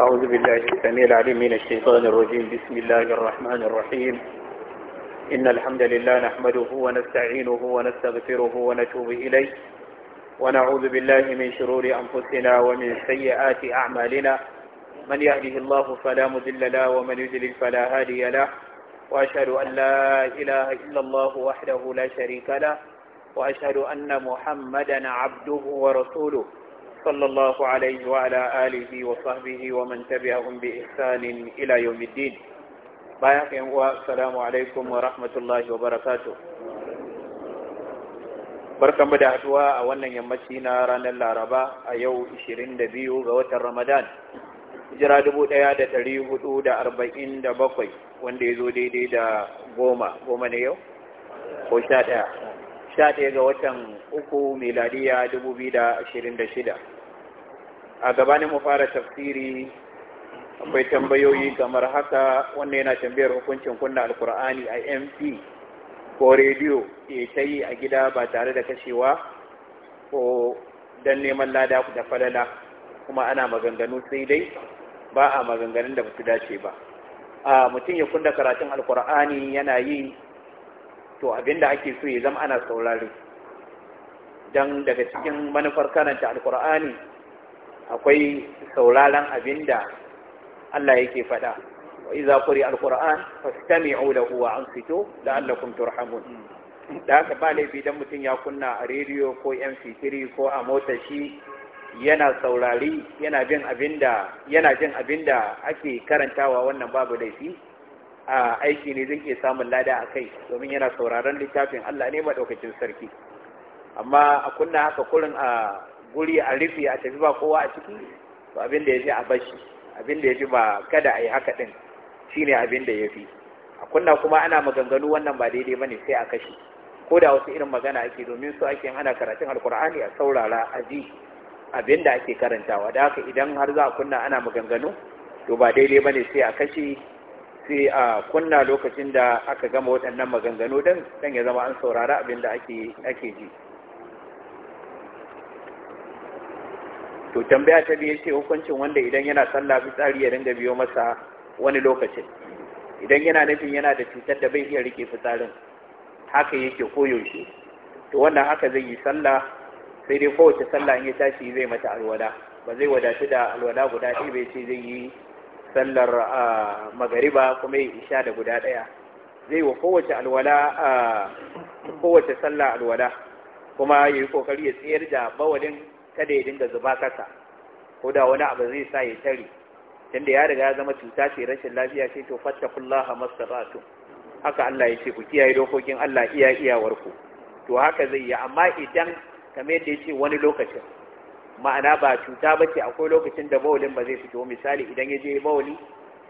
أعوذ بالله السميع العليم من الشيطان الرجيم بسم الله الرحمن الرحيم إن الحمد لله نحمده ونستعينه ونستغفره ونتوب إليه ونعوذ بالله من شرور أنفسنا ومن سيئات أعمالنا من يهده الله فلا مذل له ومن يذلل فلا هادي له وأشهد أن لا إله إلا الله وحده لا شريك له وأشهد أن محمدا عبده ورسوله صلى الله عليه وعلى آله وصحبه ومن تبعهم بإحسان إلى يوم الدين بايك والسلام عليكم ورحمة الله وبركاته barkan mu da haduwa a wannan yammaci na ranar laraba a yau 22 ga watan ramadan jira 1447 wanda ya zo daidai da goma goma ne yau ko sha daya ga watan uku miladiya a gabanin mu fara tafsiri akwai tambayoyi kamar haka wanda yana tambayar hukuncin kunna alkur'ani a mp ko rediyo ke ta yi a gida ba tare da kashewa ko don neman lada da falala kuma ana maganganu sai dai ba a maganganun da su dace ba a mutum ya kunda karatun alkur'ani yana yi to abinda ake so ya zama ana saurari don daga cikin manufar karanta alkur'ani akwai sauraron da Allah yake faɗa wa iza quri alquran fastami'u lahu wa ansitu la'allakum turhamun da aka ba laifi dan mutum ya kunna a rediyo ko mp3 ko a mota shi yana saurari yana bin abinda yana jin abinda ake karantawa wannan babu laifi a aiki ne zai iya samun lada a kai domin yana sauraron littafin Allah ne madaukakin sarki amma a kunna haka kurin a guri a rufe a tafi ba kowa a ciki to abin da ya fi a bashi abin da ya fi ba kada a yi haka ɗin shi ne abin da ya fi a kunna kuma ana maganganu wannan ba daidai ba ne sai a kashe ko da wasu irin magana ake domin su ake hana karatun alkur'ani a saurara a ji abin da ake karantawa da haka idan har za a kunna ana maganganu to ba daidai ba ne sai a kashe sai a kunna lokacin da aka gama waɗannan maganganu don ya zama an saurara abin da ake ji to tambaya ta biyu ce hukuncin wanda idan yana sallah fitsari ya dinga biyo masa wani lokaci, idan yana nufin yana da cutar da bai iya rike fitsarin haka yake koyaushe to wannan haka zai yi sallah sai dai kowace sallah in ya tashi zai mata alwala ba zai wadatu da alwala guda ɗaya bai ce zai yi sallar magariba kuma ya isha da guda ɗaya zai wa kowace alwala kowace sallah alwala kuma ya yi kokari ya tsayar da bawalin kada ya dinga zuba kasa ko da wani abu zai sa ya tare tunda ya riga ya zama cuta ce rashin lafiya ce to fatta kullaha masaratu haka Allah ya ce ku kiyaye dokokin Allah iya iyawar ku to haka zai yi amma idan kamar yadda ya ce wani lokacin ma'ana ba cuta ba ce akwai lokacin da bawulin ba zai fito misali idan ya je bawuli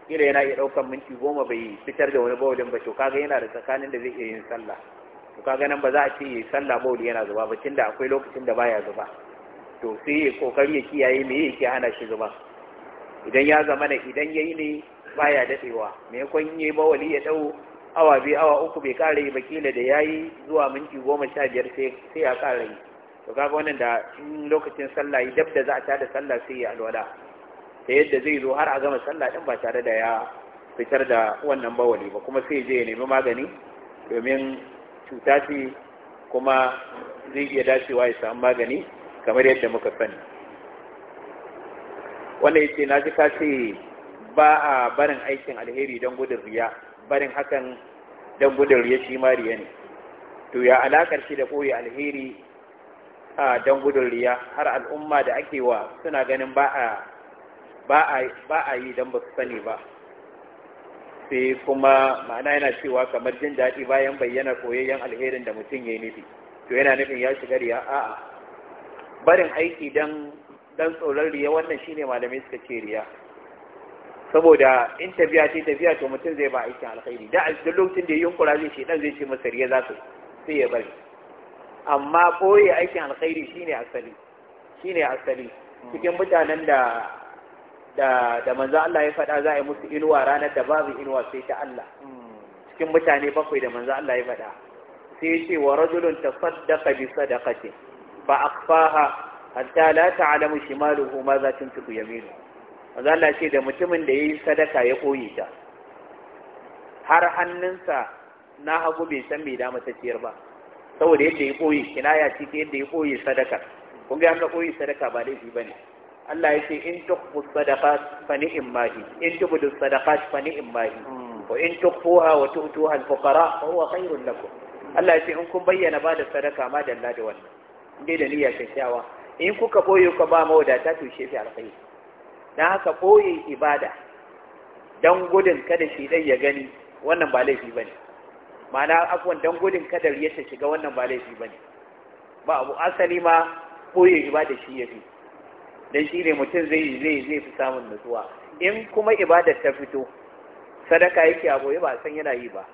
kila yana iya ɗaukar minti goma bai fitar da wani bawulin ba to kaga yana da tsakanin da zai iya yin sallah to kaga nan ba za a ce yi sallah bawuli yana zuba ba tunda akwai lokacin da baya zuba to sai ya kokari ya kiyaye me yake hana shi zuba idan ya zama da idan yayi ne baya daɗewa me kun yi bawali ya dau awa biyu awa uku bai ƙara yi bakila da yayi zuwa minti goma sha biyar sai sai ya ƙara yi to kaga wannan da in lokacin sallah dab da za a tada sallah sai ya alwala ta yadda zai zo har a gama sallah din ba tare da ya fitar da wannan bawali ba kuma sai je ya nemi magani domin cuta ce kuma zai iya dacewa ya samu magani kamar yadda muka sani wanda ya ce na ji ka ce ba a barin aikin alheri don gudun riya barin hakan don gudun riya shi ma ne to ya alakar shi da koyi alheri a don gudun riya har al'umma da ake wa suna ganin ba a yi don ba su sani ba sai kuma ma'ana yana cewa kamar jin daɗi bayan bayyana koyayyen alherin da mutum ya yi nufi to yana nufin ya shiga riya a'a barin aiki dan dan tsoron riya wannan shine malamai suka ce riya saboda in tafiya ce tafiya to mutum zai ba aikin alkhairi da a lokacin da ya yunkura zai dan zai ce masa riya za su sai ya bari amma koye aikin alkhairi shine asali shine asali cikin mutanen da da da manzo Allah ya faɗa za a yi musu inuwa ranar da babu inuwa sai ta Allah cikin mutane bakwai da manzo Allah ya faɗa sai ya ce wa rajulun tasaddaqa bi sadaqatin فأخفاها حتى لا تعلم شماله ماذا تنفق يمينه maza Allah ce da mutumin da ya yi sadaka ya koyi ta har hannunsa na hagu bai san mai dama ta ciyar ba saboda yadda ya koyi, kinaya ci ta yadda ya koyi sadaka kun ga ka koyi sadaka ba laifi ba ne Allah ya ce in tukhu sadaqat fa in mahi in da sadaqat fa in mahi hmm. wa in tukhuha wa tu'tuha al-fuqara fa huwa khairun lakum Allah ya ce in kun bayyana ba da sadaka ma dalla da wannan dai da niyya kyakkyawa in kuka boye ku ba mawadata to shi fi alkhairi dan haka boye ibada dan gudun kada shi dai ya gani wannan ba laifi bane ma'ana afwan dan gudun kada ya ta shiga wannan ba laifi bane ba abu asali ma boye ibada shi yafi dan shi ne mutum zai zai zai fi samun nutsuwa in kuma ibada ta fito sadaka yake a ba san yana yi ba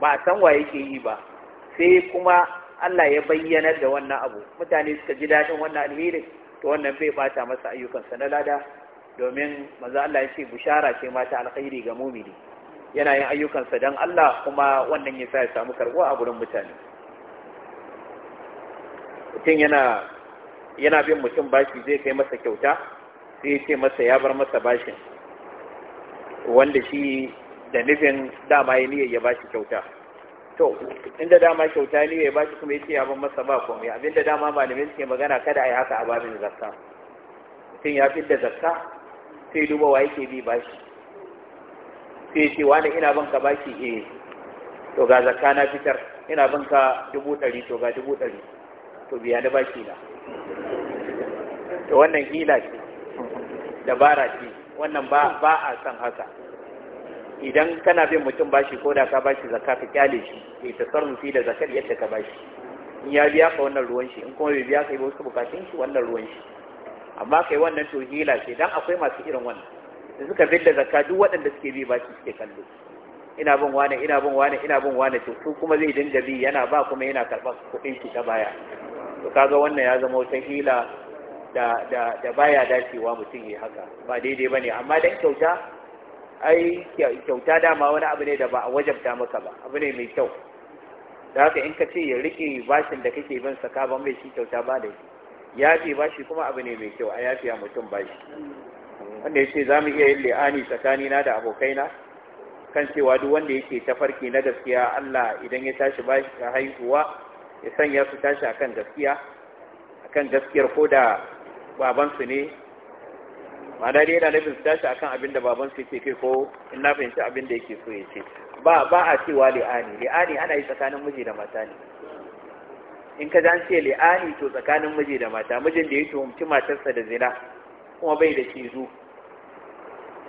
ba san wa yake yi ba sai kuma Allah ya bayyana da wannan abu mutane suka ji daɗin wannan alherin to wannan bai bata masa ayyukansa na lada domin maza Allah ya ce bushara ce mata alkhairi ga mumini yana yin ayyukansa don Allah kuma wannan ya sa ya samu karbuwa a gurin mutane mutum yana yana bin mutum bashi zai kai masa kyauta sai ya ce masa ya bar masa bashin wanda shi da nufin dama ya niyyar ya bashi kyauta to inda dama kyauta ne ya bashi kuma yake ya masa ba komai abinda dama malamai suke magana kada yi haka a babin zakka mutum ya fi da zakka sai duba wa yake bi baki sai ce wani ina banka ka bashi eh to ga zakka na fitar ina banka ka dubu ɗari to ga dubu ɗari to biya na baki na to wannan hila ce dabara ce wannan ba a san haka idan kana bin mutum bashi ko da ka bashi zakka ka kyale shi ya fi da zakar yadda ka bashi in ya biya ka wannan ruwan shi in kuma bai biya ka yi wasu bukatun shi wannan ruwan shi amma kai wannan to hila ce dan akwai masu irin wannan da suka da zakka duk waɗanda suke bi bashi suke kallo ina bin wane ina bin wane ina bin wane to su kuma zai dinga bi yana ba kuma yana karɓar kuɗin shi ta baya to kaga wannan ya zama wata hila da da da baya dacewa mutum ya haka ba daidai bane amma dan kyauta ai kyauta dama wani abu ne da ba a wajabta maka ba abu ne mai kyau da haka in ka ce ya rike bashin da kake bin saka ban mai shi kyauta ba da yafi bashi kuma abu ne mai kyau a yafiya mutum bashi wanda ya ce za mu iya yin li'ani tsakanina da abokaina kan cewa duk wanda yake tafarki na gaskiya Allah idan ya tashi bashi ta haihuwa ya sanya su tashi akan gaskiya akan gaskiyar ko da babansu ne ma'ana dai yana nufin su tashi akan abin da baban su ke kai ko in na fahimci abin da yake so ya ce ba ba a cewa li'ani li'ani ana yi tsakanin miji da mata ne in ka an ce li'ani to tsakanin miji da mata mijin da ya tuhumci matarsa da zina kuma bai da zu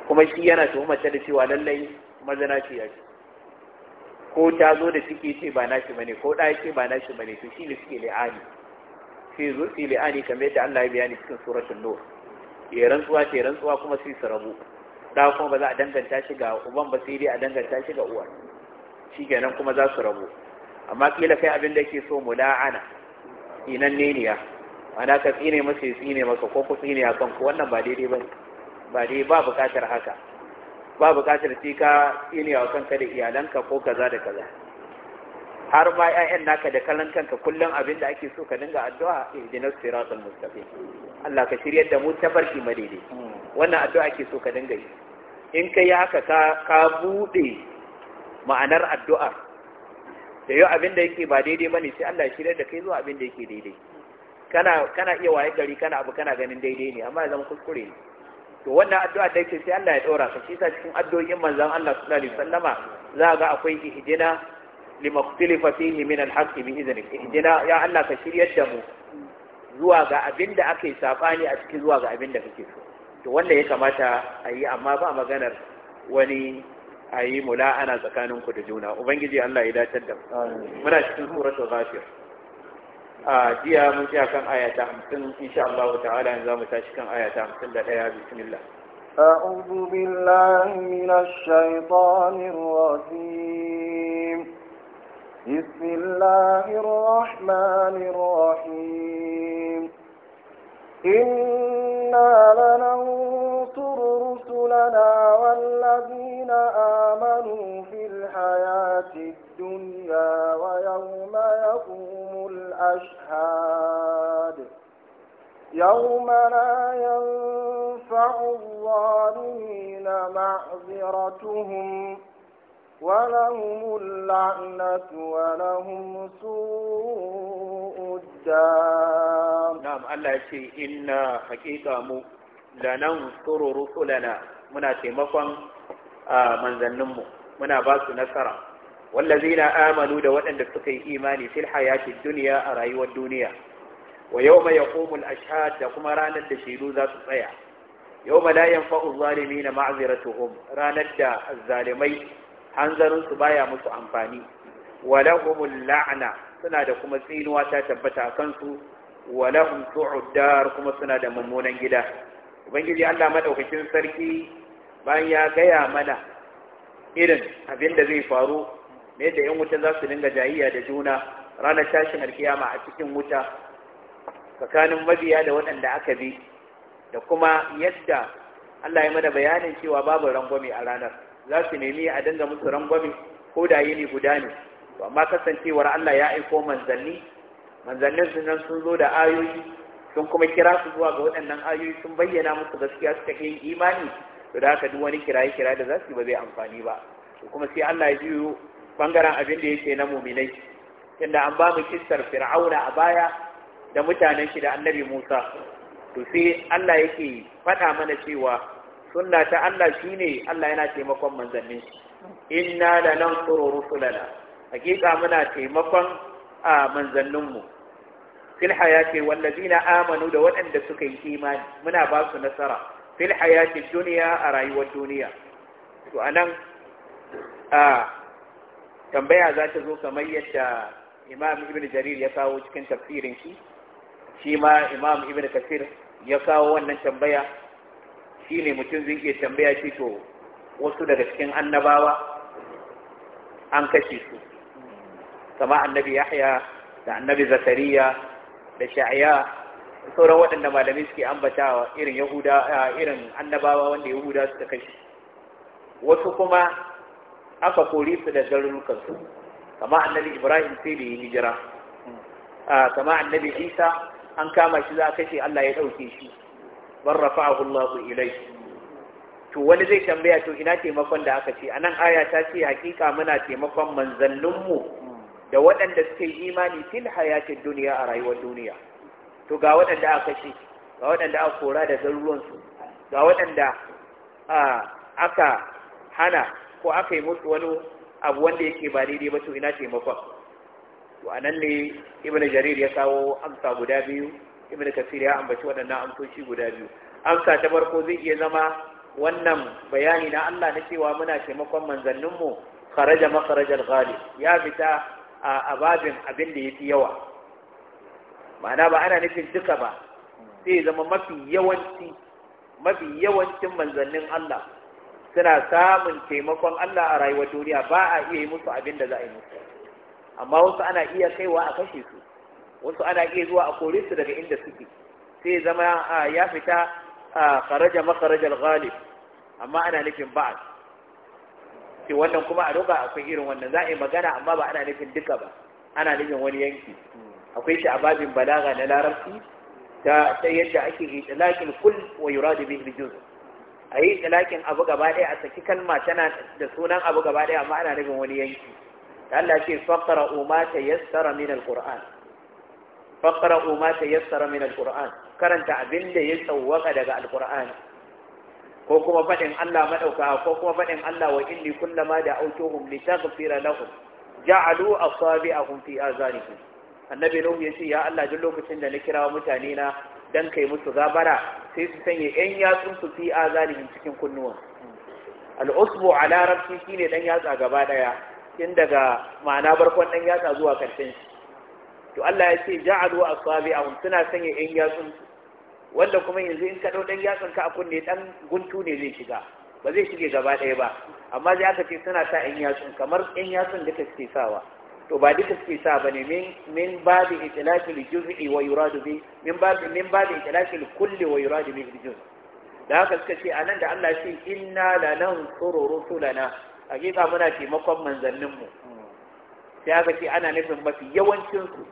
kuma shi yana tuhumarta da cewa lallai mazana ce ya ce ko ta zo da ciki ce ba nashi bane ko ɗaya ce ba nashi bane to shi ne suke li'ani sai zo su li'ani kamar yadda Allah ya bayani cikin suratul nur ya rantsuwa ke rantsuwa kuma sai su rabu da kuma ba za a danganta shi ga uban ba sai dai a danganta shi ga uwar shi kenan kuma za su rabu amma kila kai abin da ke so mu la'ana inan ne ne ya ana ka tsine masa ya tsine masa ko ku tsine a kanku wannan ba daidai ba ba dai ba buƙatar haka ba buƙatar sai ka tsine a kanka da iyalanka ko kaza da kaza har ma 'ya'yan naka da kallon kanka kullum abin da ake so ka dinga addu'a ihdinas siratal mustaqim Allah ka shiryar da mu tafarki madaidai wannan addu'a ke so ka dinga yi in ka yi haka ka buɗe ma'anar addu'a da yau abin da yake ba daidai ba ne sai Allah ya shirya da kai zuwa abin da yake daidai kana iya waye gari kana abu kana ganin daidai ne amma ya zama kuskure ne to wannan addu'a da yake sai Allah ya ɗora ka shi sa cikin addu'o'in manzon Allah sallallahu alaihi wasallama za ga akwai ihdina limaktilifa fihi min alhaqqi bi idhnik ihdina ya Allah ka shirya da mu zuwa ga abin da aka yi saɓani a cikin zuwa ga abin da kake so to wanda ya kamata a yi amma ba maganar wani a yi tsakanin ku da juna ubangiji Allah ya dace da muna cikin suratul ghafir a jiya mun tsaya kan aya ta insha Allah ta'ala yanzu mu tashi kan aya ta ɗaya bismillah أعوذ بالله من الشيطان الرجيم بسم الله الرحمن الرحيم إنا لننصر رسلنا والذين آمنوا في الحياة الدنيا ويوم يقوم الأشهاد يوم لا ينفع الظالمين معذرتهم ولهم اللعنة ولهم سوء الدار نعم الله يشي إنا حقيقة مو لننصر رسلنا منا تيمقا من ذنمو منا باس نصرا والذين آمنوا دو أن تكي إيماني في الحياة الدنيا أرأي والدنيا ويوم يقوم الأشهاد لكما رانا تشيلو ذات صيح يوم لا ينفع الظالمين معذرتهم رانا الظالمين hanzarinsu baya musu amfani walahumul la'na suna da kuma tsinuwa ta tabbata a kansu walahum su'uddar kuma suna da mummunan gida ubangiji Allah madaukakin sarki bayan ya gaya mana irin abin da zai faru ne da yan wuta za su dinga jayiya da juna ranar tashin alkiyama a cikin wuta tsakanin mabiya da waɗanda aka bi da kuma yadda Allah ya mana bayanin cewa babu rangwame a ranar za su nemi a dinga musu rangwame ko da yini guda ne to amma kasancewar Allah ya aiko manzanni manzannin su nan sun zo da ayoyi sun kuma kira su zuwa ga waɗannan ayoyi sun bayyana musu gaskiya suka yin imani to da haka duk wani kiraye kira da za su ba zai amfani ba to kuma sai Allah ya juyo bangaren abin da yake na muminai inda an ba mu kissar fir'auna a baya da mutanen shi da annabi Musa to sai Allah yake faɗa mana cewa sunna ta Allah shi ne Allah yana taimakon manzannin shi inna nan tsororo sulala. hakika muna taimakon a manzannin mu fil hayati zina amanu da waɗanda suka yi imani muna ba su nasara fil hayati duniya a rayuwar duniya to anan a tambaya za ta zo kamar yadda imam ibn jarir ya kawo cikin tafsirin shi shi ma imam ibn kasir ya kawo wannan tambaya shine mutum zai iya tambaya shi to wasu daga cikin annabawa an kashe su kama annabi yahya da annabi zakariya da sha'ya sauran waɗanda malamai suke ambatawa irin yahuda irin annabawa wanda yahuda suka kashe wasu kuma aka kori su da garurukansu kama annabi ibrahim sai da yi hijira kama annabi isa an kama shi za a kashe allah ya ɗauke shi bar rafa'ahu Allah ilayhi to wani zai tambaya to ina taimakon da aka ce anan aya ta ce hakika muna taimakon manzanninmu da waɗanda suke imani fil hayatin duniya a rayuwar duniya to ga waɗanda aka ce ga waɗanda aka kora da garuruwansu ga waɗanda aka hana ko aka yi musu wani abu wanda yake ba daidai ba to ina taimakon to anan ne ibnu jarir ya kawo amsa guda biyu ibn kasir ya ambaci waɗannan amsoshi guda biyu amsa ta farko zai iya zama wannan bayani na Allah na cewa muna taimakon manzanninmu kharaja makharajal ghali ya fita a ababin abin da yafi yawa ma'ana ba ana nufin duka ba sai zama mafi yawanci mafi yawancin manzannin Allah suna samun taimakon Allah a rayuwar duniya ba a iya yi musu abin da za a yi musu amma wasu ana iya kaiwa a kashe su wasu ana iya zuwa a kore su daga inda suke sai zama ya fita kharaja makarajar ghalib amma ana nufin ba'a. ce wannan kuma a roƙa akwai irin wannan za a yi magana amma ba ana nufin duka ba ana nufin wani yanki akwai shi a babin balaga na larabci ta yadda ake yi tsalakin Kul wa yura da al-juz a yi tsalakin abu gaba ɗaya a saki kalma tana da sunan abu gaba ɗaya amma ana nufin wani yanki Allah ce umar ta yassara min al-Qur'an faqra'u ma tayassara min alquran karanta abin da ya tsawwaka daga alqur'ani ko kuma fadin Allah madauka ko kuma fadin Allah wa inni kullama da autuhum litaghfira lahum ja'alu asabi'ahum fi azanihim annabi nuhu yace ya Allah duk lokacin da na kira mutane na dan kai musu gabara sai su sanya yan yatsun su fi azanihim cikin kunnuwa. al-usbu ala rabbi shine dan yatsa gaba daya in daga ma'ana barkon dan yatsa zuwa karshen shi to Allah ya ce ja'alu asabi'ahum suna sanya yan yatsun wanda kuma yanzu in ka dau ɗan yatsun ka a kunne ɗan guntu ne zai shiga ba zai shige gaba ɗaya ba amma zai aka ce suna sa yan yatsun kamar yan yatsun duka suke sawa to ba duka suke sa ba ne. min min babi itlaqil juz'i wa yuradu bi min babi min babi itlaqil kulli wa yuradu bi juz da haka suka ce anan da Allah shi inna lanansuru rusulana hakika muna taimakon manzanninmu sai aka ce ana nufin mafi yawancinsu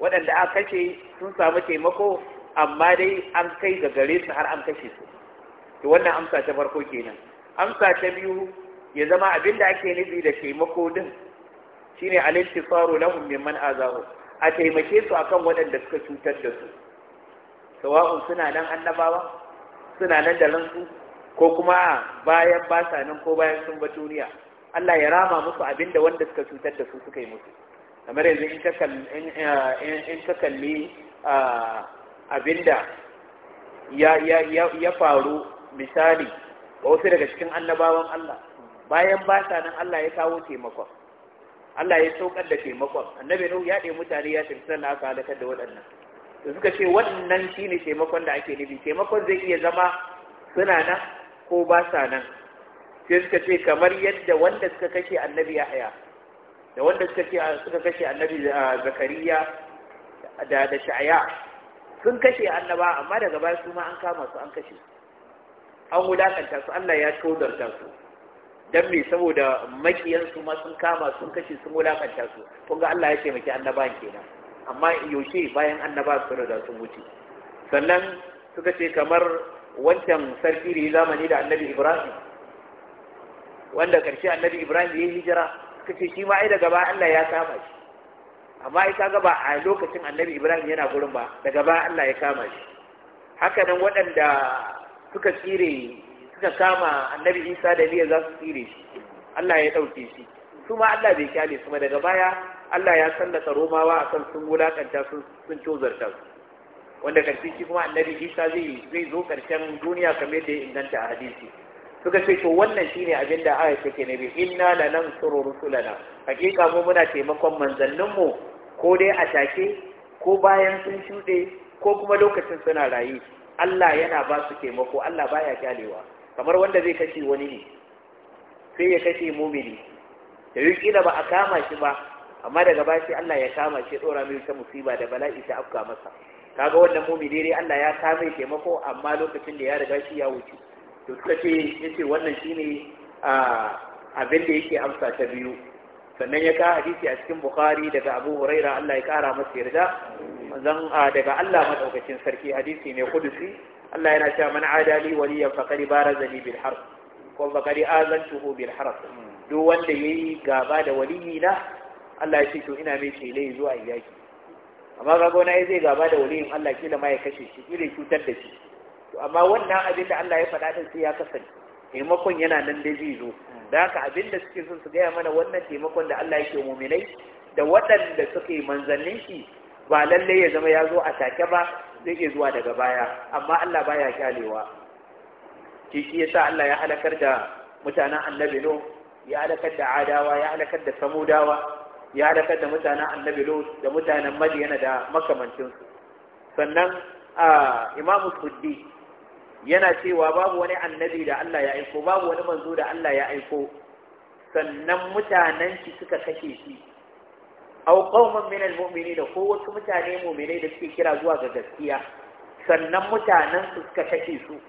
waɗanda aka kashe sun samu taimako amma dai an kai ga gare su har an kashe su to wannan amsa ta farko kenan amsa ta biyu ya zama abin da ake nufi da taimako din shine al-intisaru lahum mimman azahu a taimake su akan waɗanda suka cutar da su sawa'un suna nan annabawa suna nan da ransu ko kuma bayan ba nan ko bayan sun ba duniya Allah ya rama musu abin da wanda suka cutar da su suka yi musu kamar yanzu in ka kalli abinda ya faru misali ba wasu daga cikin annabawan Allah bayan ba sa nan Allah ya kawo taimakon Allah ya saukar da taimakon annabi Nuhu ya ɗaya mutane ya tafi sannan aka halakar da waɗannan da suka ce wannan ne taimakon da ake nufi taimakon zai iya zama suna nan ko ba sa nan sai suka ce kamar yadda wanda suka kashe annabi ya haya da wanda suka ce suka kashe annabi ah, zakariya da da sha'ya sun kashe annaba amma daga baya su ma an kama su an kashe an wulakanta su Allah ya todarta su dan me saboda makiyan su ma sun kama sun kashe sun wulakanta su kun ga Allah ya taimaki annaban kenan amma yaushe bayan annaba su riga sun wuce sannan suka ce kamar wancan sarki da zamani da annabi Ibrahim wanda karshe annabi Ibrahim ya hijira kace shi ma ai daga ba Allah ya kama shi amma ai kaga ba a lokacin annabi ibrahim yana gurin ba daga ba Allah ya kama shi haka nan waɗanda suka tsire suka kama annabi isa da liya za su tsire shi Allah ya ɗauke shi su ma Allah bai kyale su ma daga baya Allah ya sallaka romawa akan sun wulakanta sun sun cozarta su wanda karshe shi kuma annabi isa zai zai zo karshen duniya kamar yadda ya inganta a hadisi suka ce to wannan shine abin da aya take nabi inna lanansuru rusulana hakika mu muna taimakon mu ko dai a take ko bayan sun shuɗe ko kuma lokacin suna rayu Allah yana ba su taimako Allah baya kyalewa kamar wanda zai kashe wani ne sai ya kashe mumini da kila ba a kama shi ba amma daga bashi Allah ya kama shi dora mai ta musiba da bala'i ta afka masa kaga wannan mumini dai Allah ya kame taimako amma lokacin da ya riga shi ya wuce to suka ce ya ce wannan shi ne abin da yake amsa ta biyu sannan ya ka hadisi a cikin bukari daga abu huraira allah ya kara masa yarda a daga allah madaukakin sarki hadisi ne kudusi allah yana cewa man adali Fakari bara zani bil harb ko a zan bil harb duk wanda ya yi gaba da waliyina allah ya ce to ina mai shele zuwa yaki amma kaga ya zai gaba da waliyin allah kila ma ya kashe shi kila cutar da shi to amma wannan abin da Allah ya faɗa din sai ya kasance taimakon yana nan da zai zo da haka abin da suke son su gaya mana wannan taimakon da Allah yake muminai da waɗanda suka yi manzannin shi ba lallai ya zama ya zo a take ba zai iya zuwa daga baya amma Allah baya kyalewa shi shi yasa Allah ya halakar da mutanen annabi no ya halakar da adawa ya halakar da samudawa ya halakar da mutanen annabi no da mutanen madiyana da makamancinsu sannan ah, imamu suddi yana cewa babu wani annabi da Allah ya aiko babu wani manzo da Allah ya aiko sannan mutanen ki suka kashe shi aw qauman min da ko wasu mutane mu'minai da suke kira zuwa ga gaskiya sannan mutanen su suka kashe su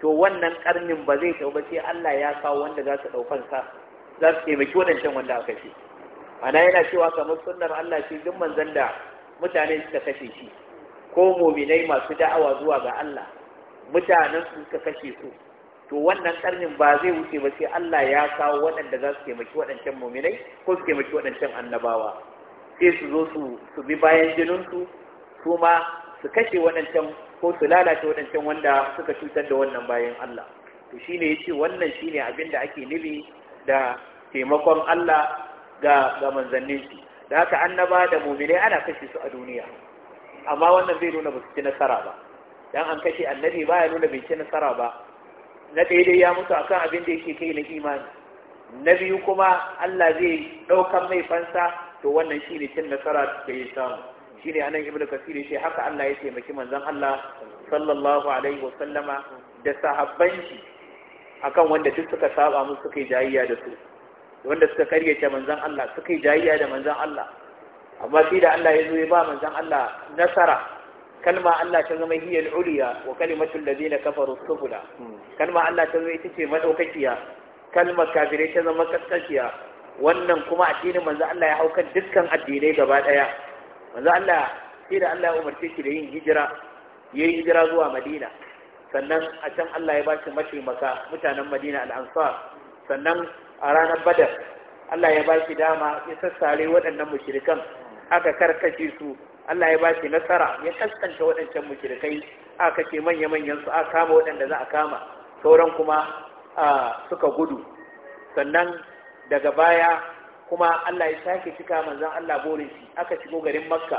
to wannan karnin ba zai tauba sai Allah ya kawo wanda za su daukan sa za su miki wadancan wanda aka ce ana yana cewa kamar sunnar Allah ce duk manzon da mutane suka kashe shi ko mu'minai masu da'awa zuwa ga Allah mutanen su suka kashe su to wannan karnin ba zai wuce ba sai Allah ya kawo waɗanda za su taimaki waɗancan muminai ko su taimaki waɗancan annabawa sai su zo su su bi bayan jininsu su ma su kashe waɗancan ko su lalace waɗancan wanda suka cutar da wannan bayan Allah to shine yace wannan shine abin da ake nufi da taimakon Allah ga ga manzannin shi da haka annaba da muminai ana kashe su a duniya amma wannan zai nuna ba su ci nasara ba dan an kashe annabi ba ya nuna bai ci nasara ba na daidai ya mutu akan abin da yake kai na imani na biyu kuma Allah zai ɗaukan mai fansa to wannan shi ne cin nasara da ya samu shi ne anan ibnu kasir shi haka Allah ya taimaki manzon Allah sallallahu alaihi wa sallama da sahabban shi akan wanda duk suka saba musu suka yi jayayya da su wanda suka karyace manzon Allah suka yi jayayya da manzon Allah amma sai da Allah ya zo ya ba manzon Allah nasara kalma Allah ta zama hiyal uliya wa kalimatul ladina kafaru sufla hmm. kalma Allah ta zama ita ce madaukakiya kafirai ta zama wannan kuma addini manzo Allah ya hauka dukkan addinai gaba daya manzo Allah sai da Allah ya umarce shi da yin hijira yayi hijira zuwa Madina sannan a can Allah ya bashi mataimaka mutanen Madina al-Ansar sannan a ranar Badar Allah ya bashi dama ya sassare waɗannan mushrikan aka karkace su Allah ya bashi nasara ya kaskanta waɗancan mushrikai aka ce manya-manyan su aka kama waɗanda za a kama sauran kuma suka gudu sannan daga baya kuma Allah ya sake cika manzon Allah borin shi aka shigo garin Makka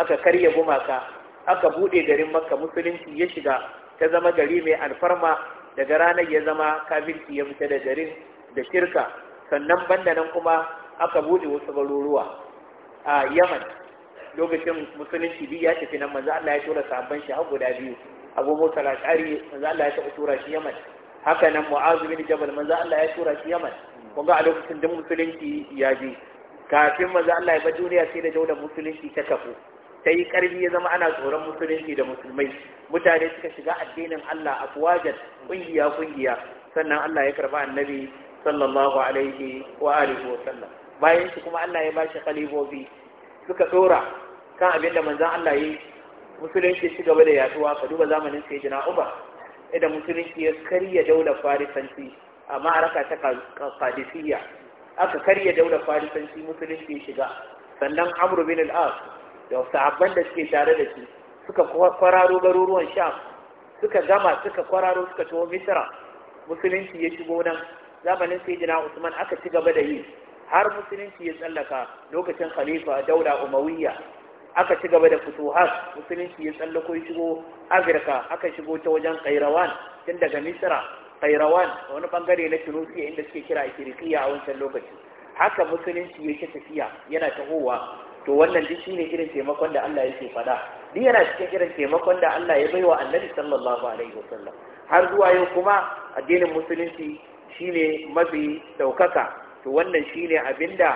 aka karya gumaka aka buɗe garin Makka musulunci ya shiga ta zama gari mai alfarma daga ranar ya zama kafirci ya fita da garin da shirka sannan banda nan kuma aka buɗe wasu garuruwa a Yaman lokacin musulunci biyu ya tafi nan manzo Allah ya tura sahabban shi har guda biyu Abu Musa al-Ash'ari manzo Allah ya tura shi Yaman haka nan Mu'az bin Jabal manzo Allah ya tura shi Yaman kun ga a lokacin duk musulunci ya je kafin manzo Allah ya ba duniya sai da daular musulunci ta kafu ta yi karfi ya zama ana tsoron musulunci da musulmai mutane suka shiga addinin Allah afwajan kungiya kungiya sannan Allah ya karba annabi sallallahu alaihi wa alihi wa sallam bayan shi kuma Allah ya bashi kalibobi suka tsora kan abin da manzan Allah yi musulunci ci gaba da yaduwa ka duba zamanin sai jina uba idan musulunci ya karya daular farisanci a ma'araka ta kadisiyya aka karya daular farisanci musulunci ya shiga sannan amru bin as da sahabban da suke tare da shi suka kwararo garuruwan sham suka gama suka kwararo suka taho misra musulunci ya shigo nan zamanin sai jina usman aka ci gaba da yi har musulunci ya tsallaka lokacin khalifa daura umawiyya aka ci gaba da futuhat musulunci ya tsallako ya shigo afirka aka shigo ta wajen kairawan tun daga misra kairawan wani bangare na tunisia inda suke kira afirikiya a wancan lokaci haka musulunci ya yake tafiya yana tahowa to wannan duk shine irin taimakon da Allah yake fada Ni yana cikin irin taimakon da Allah ya baiwa annabi sallallahu alaihi wasallam har zuwa yau kuma addinin musulunci shine mafi daukaka to wannan shine abinda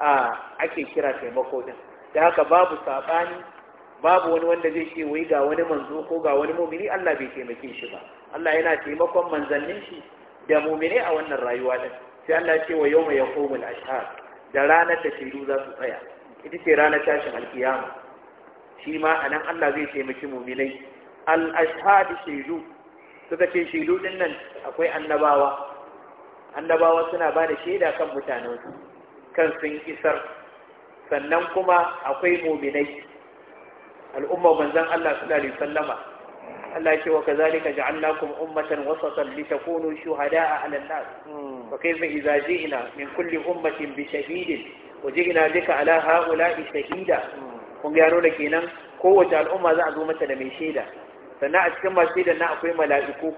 a ake kira taimako din da haka babu sabani babu wani wanda zai ce wai ga wani manzo ko ga wani mumini Allah bai taimake shi ba Allah yana taimakon manzannin shi da mumini a wannan rayuwa din sai Allah ya ce wa yawma yaqumul ashhad da ranar da shaidu za su tsaya ita ce ranar tashin alkiyama shi ma anan Allah zai taimaki muminai al ashhad shaidu suka ce shaidu din nan akwai annabawa annabawa suna ba da shaida kan mutanensu kan sun isar sannan kuma akwai muminai al'umma manzon Allah suna alaihi wasallama Allah ya ce wa kazalika ja'alnakum ummatan wasatan litakunu shuhada'a 'ala an-nas hmm. wa kayfa idza ji'na min kulli ummatin bi shahidin wa bika 'ala ha'ula'i shahida hmm. kun gano da kenan kowace al'umma za a zo mata da mai shaida sannan a cikin masu shaida na akwai mala'iku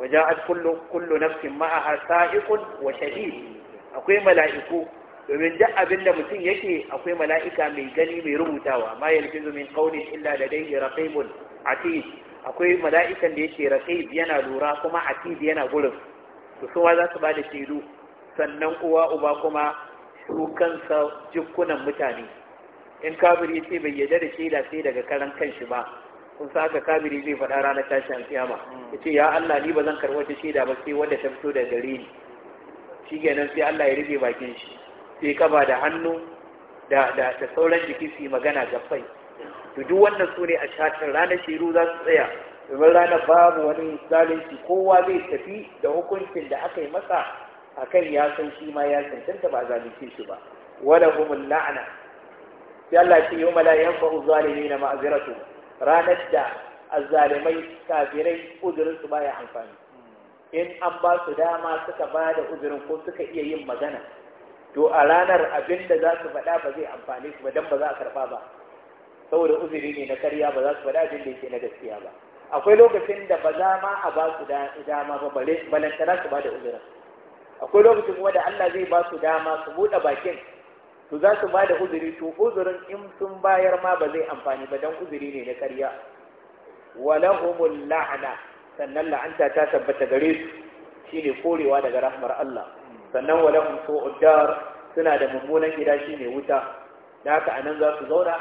وجاءت كل كل نفس معها سائق وشهيد akwai mala'iku domin duk abin da mutum yake akwai mala'ika mai gani mai rubutawa ma yalfizu min qawli illa ladayhi raqibun atid akwai mala'ikan da yake raqib yana lura kuma atid yana gurin to kuma za su bada shaidu sannan uwa uba kuma su kansa jikunan mutane in kafir yace bai yarda da shaida sai daga karan kanshi ba kun sa aka kabiri zai faɗa ranar tashin siyama. ya ce ya Allah ni ba zan karɓi wata shaida ba sai wanda ta fito da gare ni shi kenan sai Allah ya rufe bakin shi sai kaba da hannu da da sauran jiki su yi magana fai to duk wannan su a shatin ranar shiru za su tsaya domin ranar babu wani zalunci kowa zai tafi da hukuncin da aka yi masa akan ya san shi ma ya cancanta ba zalunci shi ba wala humul la'ana sai Allah ya ce yawma la yanfa'u zalimin ma'ziratuhum ranar da azzalimai kafirai uzurin su baya amfani in an ba su dama suka ba da uzurin ko suka iya yin magana to a ranar abin da za su faɗa ba zai amfani su ba don ba za a karɓa ba saboda uzuri ne na karya ba za su faɗa abin da yake na gaskiya ba akwai lokacin da ba za ma a ba su dama ba balantana su ba da uzurin akwai lokacin kuma da Allah zai ba su dama su buɗe bakin to za su ba da uzuri to uzurin in sun bayar ma ba zai amfani ba don uzuri ne na karya walahumul la'ana sannan la'anta ta tabbata gare su shine korewa daga rahmar Allah sannan walahum su'ud uddar suna da mummunan gida shine wuta da haka anan za su zauna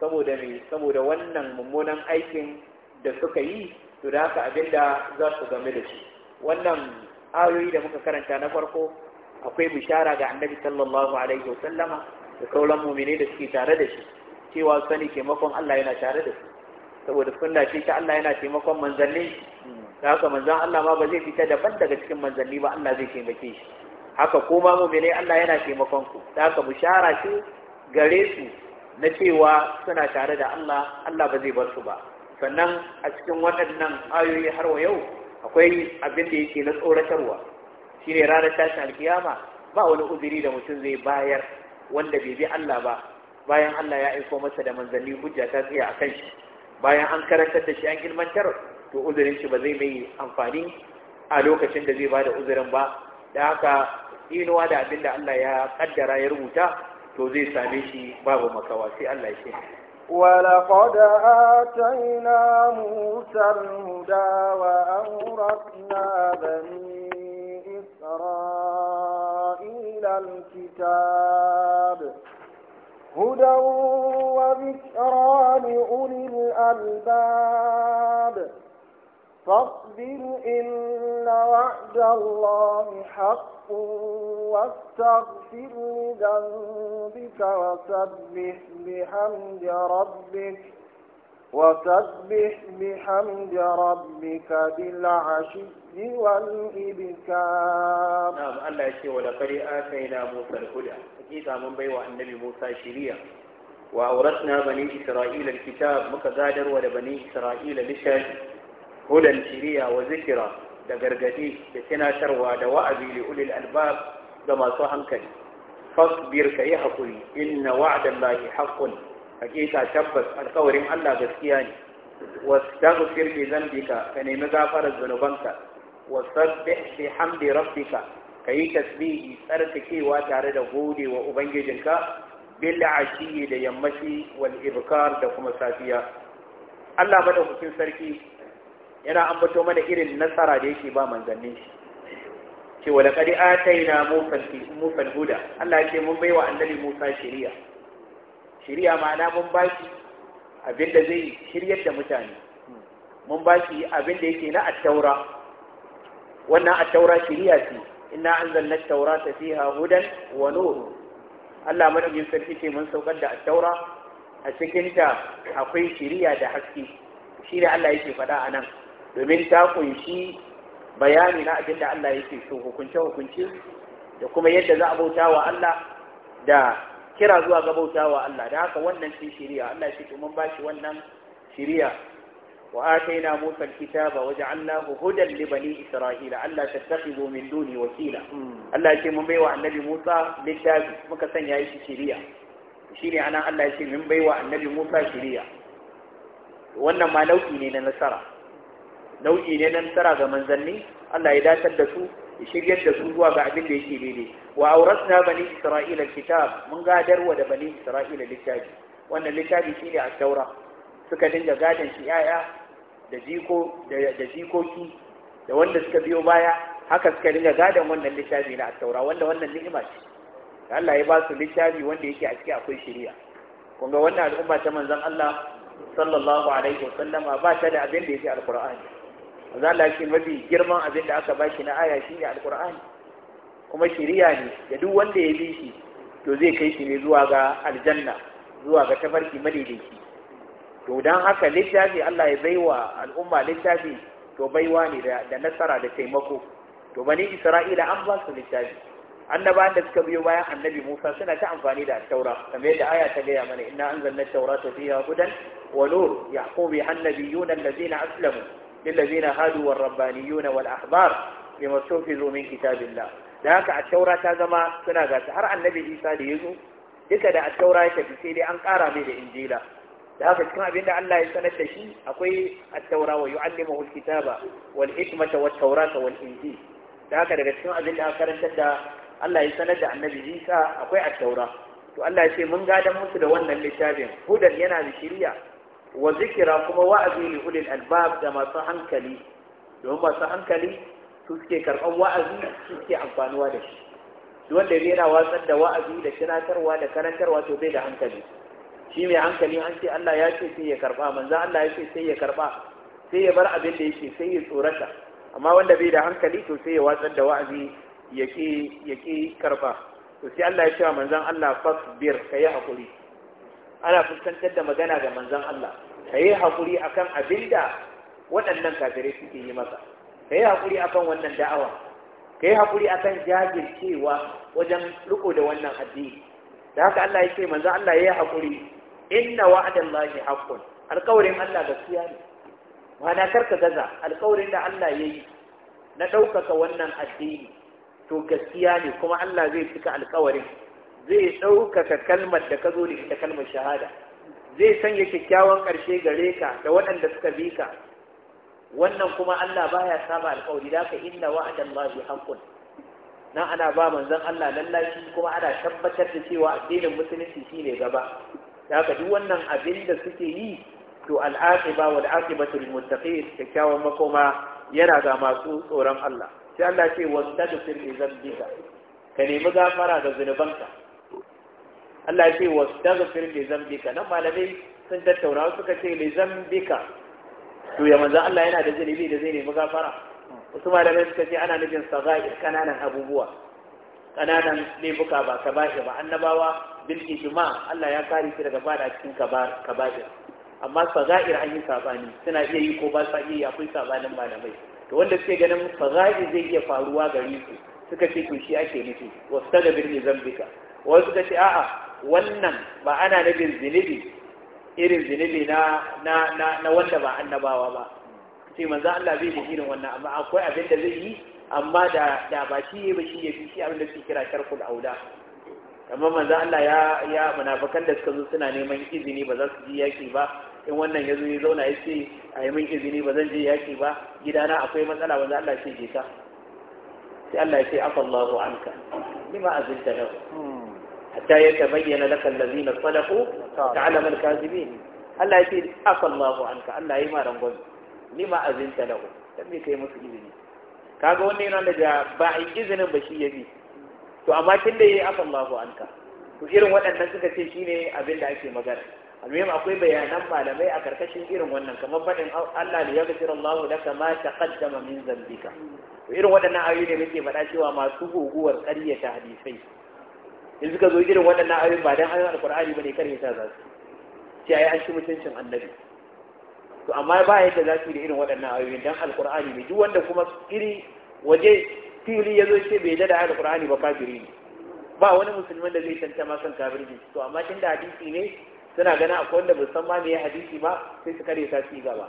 saboda me saboda wannan mummunan aikin da suka yi to da haka abinda za su game da shi wannan ayoyi da muka karanta na farko akwai bishara ga annabi sallallahu alaihi wasallama da kaulan mumine da suke tare da shi cewa sani taimakon Allah yana tare da su saboda sunna ce ta Allah yana taimakon manzanni da haka manzan Allah ma ba zai fita daban daga cikin manzanni ba Allah zai taimake shi haka kuma mumine Allah yana taimakon ku da haka bishara ce gare su na cewa suna tare da Allah Allah ba zai bar su ba sannan a cikin waɗannan ayoyi har wa yau akwai abin da yake na tsoratarwa ne ranar tashin alkiyama ba wani uzuri da mutum zai bayar wanda bai bi Allah ba bayan Allah ya aiko masa da manzanni hujja ta tsaya akan shi bayan an karantar da shi an ilmantar to uzurin shi ba zai mai amfani a lokacin da zai bada uzurin ba da haka inuwa da abin da Allah ya kaddara ya rubuta to zai same shi babu makawa sai Allah ya shi ولقد آتينا موسى الهدى وأورثنا بني إسرائيل الكتاب هدى وذكرى لأولي الألباب فاصبر إن وعد الله حق واستغفر لذنبك وسبح بحمد ربك وسبح بحمد ربك بالعشي والإبكار نعم الله يشي ولقد آتينا موسى الهدى حقيقة من بيوى النبي موسى شريع وأورثنا بني إسرائيل الكتاب مكذادر ولبني إسرائيل لشاج هدى شريع وذكرى da gargadi da tunatarwa da wa'azi li ulil albab ga masu hankali fasbir ka yi haƙuri inna wa'adallahi haqqun hakika tabbas alkawarin Allah gaskiya ne wastaghfir li dhanbika ka nemi gafarar zunubanka wasabbih hamdi rabbika kayi tasbihi tsarkakewa tare da gode wa ubangijinka bil ashi da yammaci wal ibkar da kuma safiya Allah madaukakin sarki yana ambato mana irin nasara da yake ba manzannin shi ce wa laqad atayna kan huda Allah yake ce mun baiwa annabi Musa shari'a shirya ma'ana mun ba shi abin da zai shiryar da mutane mun ba shi abin da yake na attaura wannan attaura shirya ce inna anzalna at-taurata fiha hudan wa nuru Allah madaukin sarki ce mun saukar da attaura a cikin ta akwai shiriya da haske shi ne Allah yake faɗa a nan domin ta kunshi bayani na abin da Allah yake so hukunce hukunce da kuma yadda za a bauta wa Allah da kira zuwa gabauta wa Allah da haka wannan shi shiriya Allah shi to ba shi wannan shiriya wa ataina musa alkitaba wa ja'alnahu hudan li bani isra'ila Allah tattakhidhu min duni wakila Allah ce mun baiwa annabi Musa littafi muka sanya shi shiriya shine ana Allah ce mun baiwa annabi Musa shiriya wannan ma nau'i ne na nasara nau'i ne na nasara ga manzanni Allah ya datar da su shiryar da su zuwa ga abin da yake daidai wa na bani isra'ila kitab mun gadarwa da bani isra'ila littafi wannan littafi ne a taura suka dinga gadan shi yaya da jiko da jikoki da wanda suka biyo baya haka suka dinga gadan wannan littafi na taura wanda wannan ni'ima ce Allah ya ba su littafi wanda yake a ciki akwai shari'a kun ga wannan al'umma ta manzon Allah sallallahu alaihi wasallama ba ta da abin da yake alqur'ani manzo shi mafi girman abin da aka bashi na aya shine alkur'ani kuma shiriya ne da duk wanda ya bi shi to zai kai shi ne zuwa ga aljanna zuwa ga tafarki madaidaici to don haka littafi Allah ya bai wa al'umma littafi to baiwa ne da nasara da taimako to bani Isra'ila an ba su littafi annabawan da suka biyo bayan annabi Musa suna ta amfani da taura kamar yadda aya ta gaya mana inna anzalna at-taurata fiha hudan wa nur yahkum bi annabiyuna allazina aslamu lillazina hadu haduwar rabbaniyuna wal ahbar bima tufizu min kitabillah da haka a ta zama suna gasa har annabi Isa da yazo duka da a ya tafi sai dai an kara mai da injila da haka cikin abinda Allah ya sanar da shi akwai at-taura wa yu'allimuhu al-kitaba wal hikmata wat tawrata wal injil da haka daga cikin abinda da Allah ya da annabi Isa akwai Attaura. to Allah ya ce mun gadan musu da wannan littafin hudan yana da shiriya wa zikira kuma wa'azi li ulil albab da masu hankali domin masu hankali su suke karɓar wa'azi su suke amfanuwa da shi duk wanda zai yana watsar da wa'azi da tunatarwa da karantarwa to bai da hankali shi mai hankali an ce Allah ya ce sai ya karba manzo Allah ya ce sai ya karba sai ya bar abin da yake sai ya tsorata amma wanda bai da hankali to sai ya watsar da wa'azi yake yake karba to sai Allah ya ce manzo Allah fasbir kai hakuri ana fuskantar da magana ga manzon Allah ka yi haƙuri akan abin da waɗannan kafirai suke yi masa ka yi haƙuri akan wannan da'awa ka yi haƙuri akan jajircewa wajen riko da wannan addini da haka Allah ya ce manzon Allah ya yi haƙuri inna wa'adallahi haqqun alƙawarin Allah gaskiya ne ma'ana karka gaza alƙawarin da Allah ya yi na ɗaukaka wannan addini to gaskiya ne kuma Allah zai cika alƙawarin zai ɗaukaka kalmar da ka zo da ita kalmar shahada zai sanya kyakkyawan ƙarshe gare ka da waɗanda suka bi ka wannan kuma Allah baya saba alƙawari da ka inna wa'adan ma bi haqqun nan ana ba manzon Allah lallashi kuma ana tabbatar da cewa addinin musulunci shine gaba da ka duk wannan abin da suke yi to al'aqiba wal aqibatu lil muttaqin kyakkyawan makoma yana ga masu tsoron Allah sai Allah ce da li bika ka nemi gafara ga zunubanka Allah ya ce wastaghfir li dhanbika nan malamai sun tattauna suka ce li dhanbika to ya manzo Allah yana da zanibi da zai nemi gafara wasu malamai suka ce ana nufin sagair kananan abubuwa kananan laifuka ba kaba'ir ba annabawa bil ijma Allah ya kare shi daga bada cikin kaba'ir amma sagair an yi sabani suna iya yi ko ba sa iya yi akwai sabanin malamai to wanda suke ganin sagair zai iya faruwa gari su suka ce to shi ake nufi wasu da birni zambika wasu suka ce a'a wannan ba ana nufin zinibi irin zinibi na na na na wanda ba annabawa ba sai manzo Allah zai da irin wannan amma akwai abin da zai yi amma da da ba shi ba shi ya fi shi abin da suke kira sharkul auda kamar manzo Allah ya ya munafikan da suka zo suna neman izini ba za su ji yaki ba in wannan ya zo ya zauna ya ce a yi min izini ba zan je yaki ba gidana akwai matsala manzo Allah ya ce je ta sai Allah ya ce afallahu anka lima azinta lahu hmm. hatta ya tabayyana laka allazina sadaqu ta'lamu al-kadhibin Allah ya ce afa Allahu Allah yi ma rangwami lima azinta lahu dan me kai musu izini kaga wannan yana daga ba a izinin ba shi yabi to amma tun da yayi afa Allahu anka irin waɗannan suka ce shine abinda da ake magana almuhim akwai bayanan malamai a karkashin irin wannan kamar faɗin Allah ya yaghfir Allahu laka ma taqaddama zambika irin waɗannan ayoyi ne muke cewa masu guguwar ƙaryata hadisai in suka zo irin waɗannan abin ba dan ayoyin alqur'ani bane kar ta za su sai ayi an shi mutuncin annabi to amma ba yadda za su yi da irin waɗannan abin dan alqur'ani ne duk wanda kuma iri waje fili ya zo ce bai da alqur'ani ba kafiri ne ba wani musulman da zai tantama kan kafirci to amma da hadisi ne suna gana akwai wanda musamman san ma me hadisi ba sai su kare ta ci gaba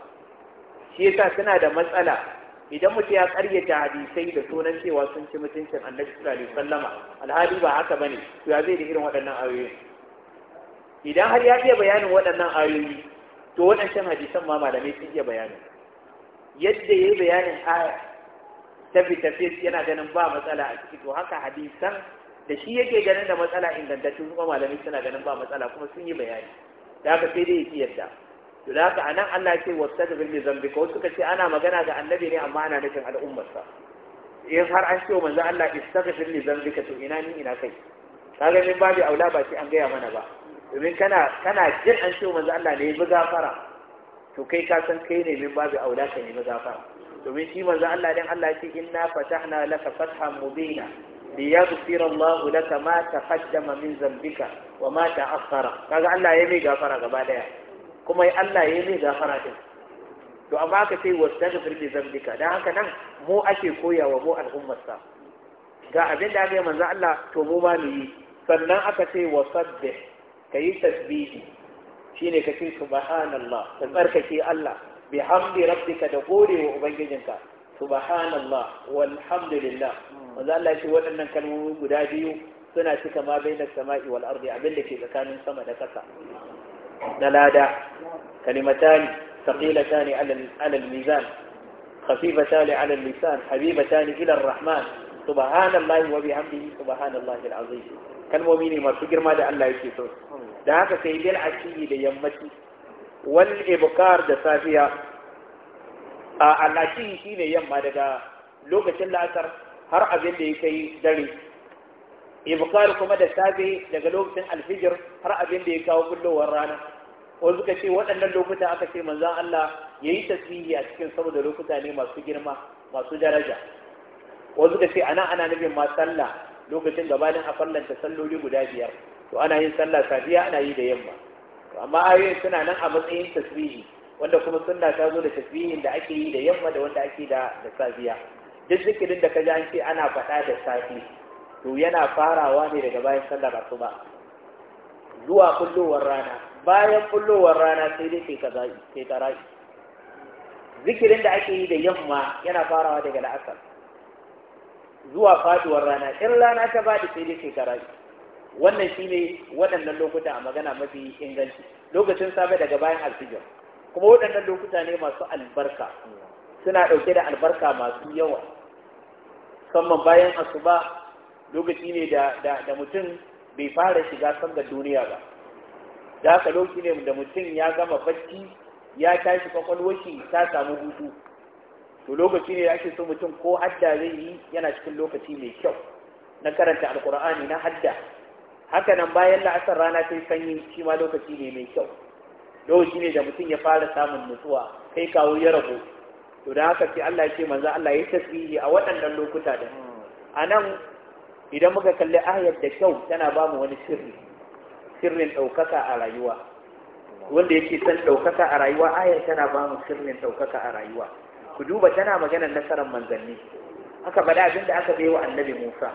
shi yasa suna da matsala idan mutum ya karyata hadisai da sunan cewa sun ci mutuncin annabi sallallahu alaihi wasallama alhali ba haka bane to ya zai da irin waɗannan ayoyi. idan har ya iya bayanin waɗannan ayoyi to waɗannan hadisan ma malamai sun iya bayanin yadda yayi bayanin aya tafi tafi yana ganin ba matsala a ciki to haka hadisan da shi yake ganin da matsala ingantacce kuma malamai suna ganin ba matsala kuma sun yi bayani da haka sai dai ya ci yadda to da haka anan Allah ce wastaghfir li dhanbika wasu kace ana magana ga annabi ne amma ana nufin al'ummarsa in har an ce manzo Allah istaghfir li dhanbika to ina ni ina kai kaga min babu aula ba sai an gaya mana ba domin kana kana jin an ce manzo Allah ne bi gafara to kai ka san kai ne min babu aula ka ne bi gafara domin shi manzo Allah dan Allah ce inna fatahna laka fathan mubina liyaghfira Allah laka ma taqaddama min zambika wa ma ta'akhkhara kaga Allah ya mai gafara gaba daya kuma Allah ya yi mai gafara din to amma aka ce daga li dhanbika dan haka nan mu ake koyawa mu al'ummarsa ga abin da aka yi manzo Allah to mu ma mu yi sannan aka ce ka kayi tasbihi shine ka ce subhanallah ka tsarkake Allah bihamdi rabbika da gode wa ubangijinka subhanallah walhamdulillah manzo Allah ya ce waɗannan kalmomi guda biyu suna cika ma bainar sama'i wal ardi abin da ke tsakanin sama da ƙasa na lada kalimatani thaqilatani ala al-mizan khafifatani ala al-lisan habibatani ila ar-rahman subhanallahi wa bihamdihi subhanallahi al-azim kalmomi ne masu girma da Allah yake so da haka sai bil ashiyi da yammaci wal ibkar da safiya a al'ashiyi shine yamma daga lokacin la'asar har abin da ya kai dare ibqal kuma da safe daga lokacin alfijir har abin da ya kawo bullowar rana ko suka ce waɗannan lokuta aka ce manzan Allah ya yi tasbihi a cikin saboda lokuta ne masu girma masu daraja ko suka ce ana ana nufin ma sallah lokacin gabanin a fallanta salloli guda biyar to ana yin sallah safiya ana yi da yamma to amma ayoyin suna nan a matsayin tasbihi wanda kuma sunna ta zo da tasbihin da ake yi da yamma da wanda ake da da safiya duk zikirin da ka ji an ce ana faɗa da safi to yana farawa ne daga bayan sallar asuba zuwa kullowar rana bayan kullowar rana sai dai sai kaza sai tarai zikirin da ake yi da yamma yana farawa daga la'asar zuwa faduwar rana in rana ta bada sai dai sai tarai wannan shine waɗannan lokuta a magana mafi inganci lokacin safe daga bayan alfijir kuma waɗannan lokuta ne masu albarka suna ɗauke da albarka masu yawa musamman bayan asuba lokaci ne da mutum bai fara shiga sanda duniya ba da haka lokaci ne da mutum ya gama bacci ya tashi kwakwalwashi ta samu hutu to lokaci ne da ake so mutum ko hadda zai yi yana cikin lokaci mai kyau na karanta alkur'ani na hadda haka nan bayan la'asar rana ta sanyi shi ma lokaci ne mai kyau lokaci ne da mutum ya fara samun nutsuwa kai kawo ya rabu to da haka sai Allah ya ce manzo Allah ya tasbihi a waɗannan lokuta da a nan idan muka kalli ayar da kyau tana ba mu wani sirri sirrin ɗaukaka a rayuwa wanda yake san ɗaukaka a rayuwa ayar tana ba mu sirrin ɗaukaka a rayuwa ku duba tana maganar nasarar manzanni aka faɗi abinda aka bai wa annabi musa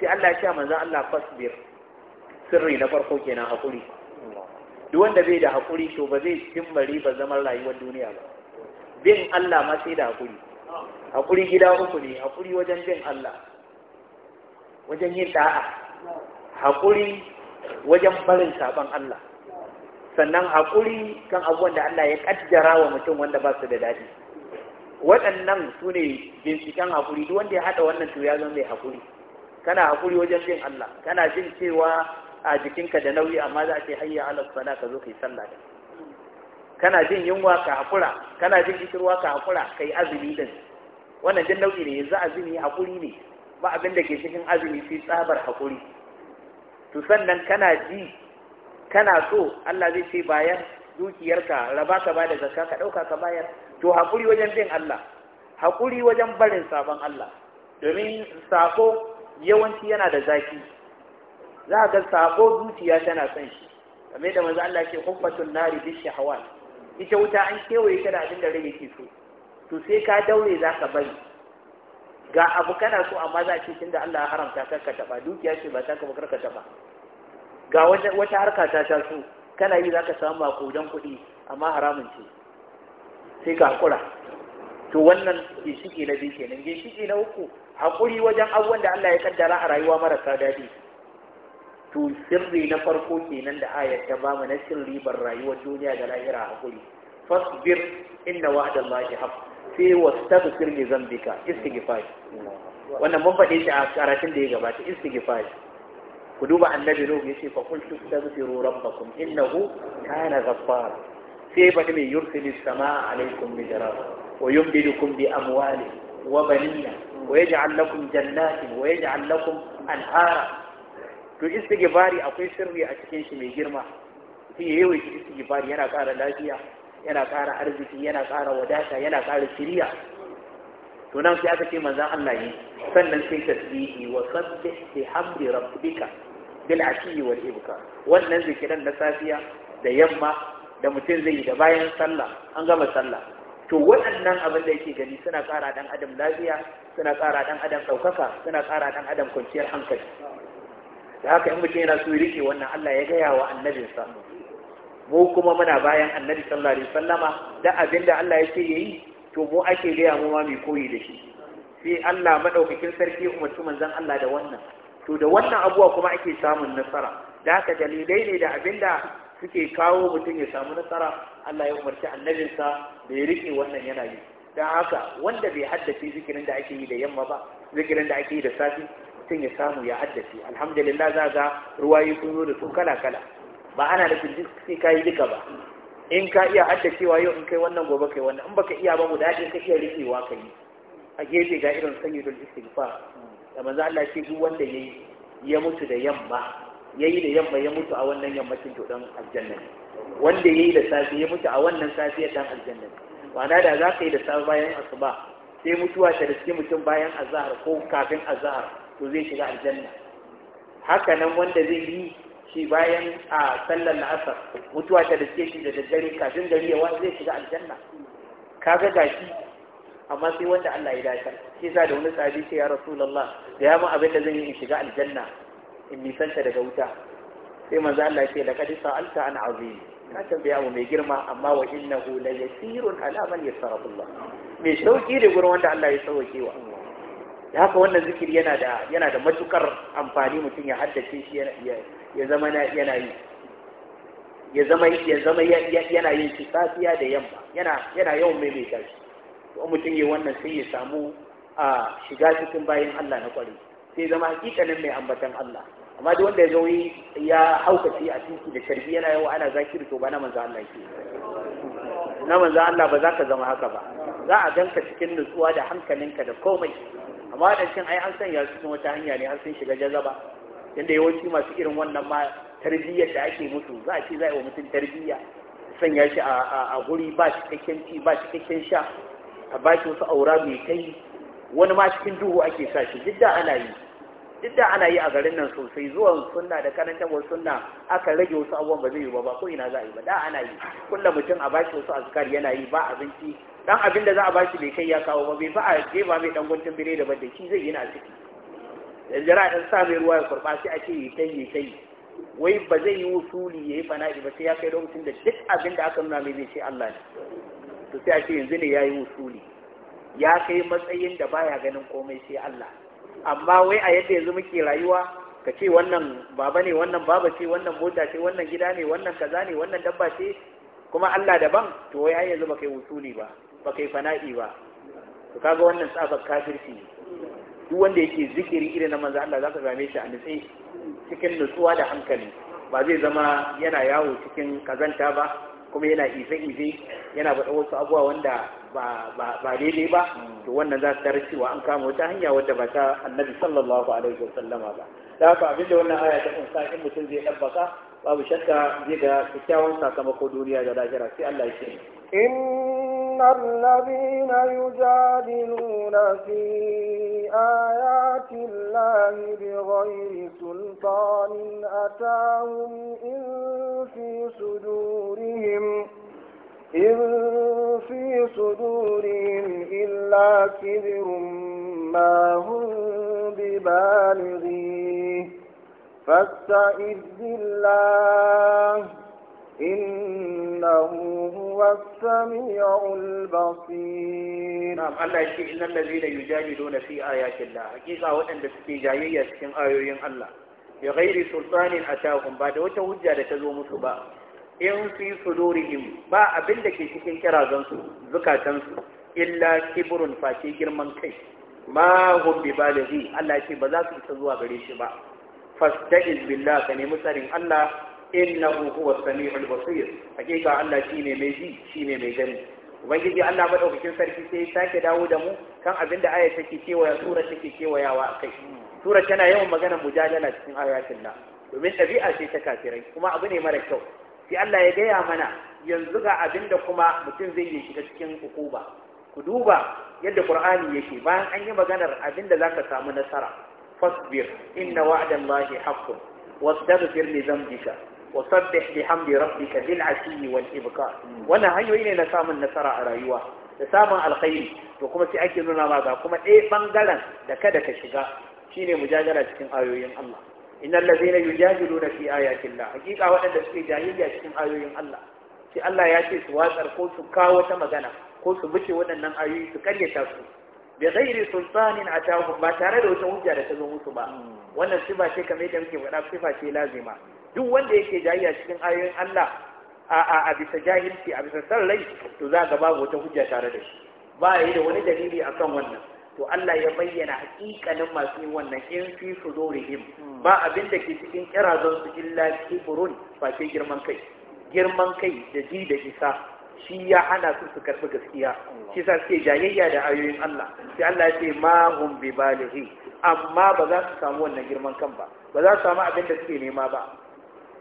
sai allah ya ce manzan allah fasbir sirri na farko kenan haƙuri duk wanda bai da hakuri, to ba zai cimmari ba zaman rayuwar duniya ba bin allah ma sai da hakuri. Hakuri gida uku ne hakuri wajen bin allah wajen yin da'a haƙuri wajen barin sabon Allah sannan haƙuri kan abubuwan da Allah ya ƙaddara wa mutum wanda ba su da daɗi waɗannan su ne binciken haƙuri duk wanda ya haɗa wannan to ya zama mai haƙuri kana haƙuri wajen jin Allah kana jin cewa a jikinka da nauyi amma za a ce hayya ala sala ka zo kai sallah da kana jin yunwa ka haƙura kana jin kishirwa ka haƙura kai azumi din wannan jin nauyi ne yanzu azumi haƙuri ne ba abin da ke cikin azumi sai tsabar hakuri. to sannan kana ji kana so Allah zai ce bayan dukiyarka raba ka ba da zakka ka ɗauka ka bayar to hakuri wajen bin Allah Hakuri wajen barin sabon Allah domin sako yawanci yana da zaki za ga sako zuciya tana son shi Kame da manzo Allah ke huffatun nari bi shahawat ita wuta an kewaye ta da abin da rage ke so to sai ka daure za ka bari ga abu kana so amma za a ce tunda Allah ya haramta ka ka taba dukiya ce ba ta ka kar ka taba ga wata harka ta ta so kana yi za ka samu makudan kuɗi amma haramun ce sai ka haƙura to wannan ke ginshiki na biyu kenan ke ginshiki na uku haƙuri wajen abubuwan da Allah ya kaddara a rayuwa marasa daɗi to sirri na farko kenan da ayar ta bamu na sirri bar rayuwar duniya da lahira haƙuri fasbir inna wa'dallahi haqq sai wastaghfir li zambika istighfar wannan mun faɗe shi a karatun da ya gabata istighfar ku duba annabi nuhu yace fa qultu astaghfiru rabbakum innahu kana ghaffara sai ba mai yursilis samaa alaikum mijrar wa yumdidukum bi amwali wa banina wa yaj'al lakum jannatin wa yaj'al lakum anhara to istighfari akwai sirri a cikin shi mai girma sai yayi istighfari yana ƙara lafiya yana ƙara arziki yana ƙara wadata yana ƙara shiriya to nan sai aka ce manzan Allah yi sannan sai tasbihi wa sabbih bihamdi rabbika bil ashiyi wal ibka wannan zikiran na safiya da yamma da mutum zai yi da bayan sallah an gama sallah to waɗannan abin da yake gani suna ƙara dan adam lafiya suna ƙara dan adam ɗaukaka suna ƙara dan adam kwanciyar hankali da haka in mutum yana so ya rike wannan Allah ya gaya wa annabinsa mu kuma muna bayan annabi sallallahu alaihi wasallama da abinda Allah ya ce yayi to mu ake gaya mu ma mai koyi da shi sai Allah madaukakin sarki umarci manzon Allah da wannan to da wannan abuwa kuma ake samun nasara da haka dalilai ne da abin da suke kawo mutum ya samu nasara Allah ya umarci annabinsa da ya rike wannan yana yi don haka wanda bai haddace zikirin da ake yi da yamma ba zikirin da ake yi da safi mutum ya samu ya haddace alhamdulillah za ga ruwa sun zo da su kala kala ba ana da duk sai ka yi duka ba in ka iya cewa yau in kai wannan gobe kai wannan in baka iya ba mu daɗin ka iya rikewa ka yi a gefe ga irin sayyidul istighfar da manzo Allah ce duk wanda yayi ya mutu da yamma yayi da yamma ya mutu a wannan yammacin to dan aljanna wanda yayi da safe ya mutu a wannan safi dan aljanna wanda da za ka yi da safe bayan asuba sai mutuwa ta riske mutum bayan azhar ko kafin azhar to zai shiga aljanna haka nan wanda zai yi shi bayan a sallar la'asar mutuwa ta dace shi da daddare kafin gari yawa zai shiga aljanna Ka ga gashi amma sai wanda Allah ya dace shi sa da wani sahabi ce ya rasulullah da ya mu abin da zan yi in shiga aljanna in nisanta daga wuta sai manzo Allah ya ce da laqad sa'alta an azim ka tambaya mu mai girma amma wa innahu la yasirun ala man yasarullah mai sauki da gurin wanda Allah ya sauke wa da haka wannan zikiri yana da yana da matukar amfani mutum ya haddace shi ya zama yana yi ya zama ya zama yana yin shi safiya da yamma yana yana yawan maimaita shi to mutum ya wannan sai ya samu a shiga cikin bayan Allah na kwari sai zama hakikanin mai ambatan Allah amma duk wanda ya zo ya haukace a cikin da sharbi yana yawa ana zakiri to ba na manzo Allah ke na manzo Allah ba za ka zama haka ba za a ganka cikin nutsuwa da hankalinka da komai amma waɗancan ai an sanya su wata hanya ne an sun shiga jazaba inda yawanci masu irin wannan ma tarbiyyar da ake mutu za a ce za a yi wa mutum tarbiyya sanya shi a guri ba cikakken ci ba cikakken sha a ba shi wasu aura mai kai wani ma cikin duhu ake sa shi duk da ana yi duk da ana yi a garin nan sosai zuwan sunna da karantarwar sunna aka rage wasu abubuwan ba zai yi ba ba ko ina za a yi ba da ana yi kullum mutum a bashi wasu azkar yana yi ba abinci dan abin da za a bashi bai kai ya kawo ba bai ba a jefa mai dan guntun bire da bada shi zai yi na ciki yanzu jira dan sa mai ruwa ya kurba sai a ce yi kai yi kai wai ba zai yi usuli yayi fana'i ba sai ya kai lokacin da duk abin da aka nuna mai zai ce Allah ne to sai a ce yanzu ne yayi usuli ya kai matsayin da baya ganin komai sai Allah amma wai a yadda yanzu muke rayuwa ka ce wannan baba ne wannan baba ce wannan mota ce wannan gida ne wannan kaza ne wannan dabba ce kuma Allah daban to wai ai yanzu baka yi wusuli ba baka yi fana'i ba to kaga wannan tsabar kafirci ne duk wanda yake zikiri irin na manzo Allah zaka game shi a nutse cikin nutsuwa da hankali ba zai zama yana yawo cikin kazanta ba kuma yana ife-ife yana faɗa wasu abuwa wanda ba daidai ba mm. to wannan za su tarar cewa an kama wata hanya wadda ba ta annabi sallallahu alaihi wasallama ba da haka abin da wannan aya ta kunsa in mutum zai ɗabbaka babu shakka zai ga kyakkyawan sakamako duniya da lahira sai Allah ya ce إن الذين يجادلون في آيات الله بغير سلطان أتاهم إن في صدورهم إن في صدورهم إلا كبر ما هم ببالغيه فاستعذ بالله إنه هو السميع البصير نعم الله يشيء إن الذين يجادلون في آيات الله حقيقة وأن تسكي جايية سكين آيوين الله بغير سلطان أتاهم بعد وتوجه لتزوم سبا إن في صدورهم ما أبلك شكين كرا زنسو زكا تنسو إلا كبر فاشي جرمان كي ما هم ببالغي الله يشيء بذلك تزوى بريش با فاستعذ بالله كان مسرين الله innahu huwa sami'ul basir hakika Allah shine mai ji shine mai gani ubangiji Allah madaukakin sarki sai sake dawo da mu kan abinda aya take cewa sura take kewayawa kai. sura tana yawan magana mujadala cikin ayatin domin ɗabi'a ce ta kafirai kuma abu ne mara kyau sai Allah ya gaya mana yanzu ga abinda kuma mutum zai yi shiga cikin hukuma ku duba yadda Qur'ani yake bayan an yi maganar abinda zaka samu nasara fasbir inna wa'dallahi haqqun wastaghfir li dhanbika wa sabbih bihamdi rabbika kabila ashiyi wal ibkar wannan hanyoyi ne na samun nasara a rayuwa da samun alkhairi to kuma sai ake nuna ma ga kuma ɗaya bangaren da kada ka shiga shine mujagara cikin ayoyin Allah innal ladzina yujadiluna fi ya killa. hakika waɗanda suke jahiliya cikin ayoyin Allah sai Allah ya ce su watsar ko su kawo wata magana ko su bice waɗannan ayoyi su karyata su bi ghairi sultanin atahum ba tare da wata hujja da ta zo musu ba wannan sifa ce kamar yadda muke faɗa sifa ce lazima duk wanda yake jayayya cikin ayoyin Allah a bisa jahilci a bisa san rai to za ga babu wata hujja tare da shi ba yi da wani dalili akan wannan to Allah ya bayyana hakikanin masu yin wannan in fi sudurihim ba abin da ke cikin kirazon su illa kibrun ba ke girman kai girman kai da ji da isa shi ya hana su su karɓi gaskiya shi sa suke jayayya da ayoyin Allah sai Allah ya ce ma hum bi balighi amma ba za su samu wannan girman kan ba ba za su samu abin da suke nema ba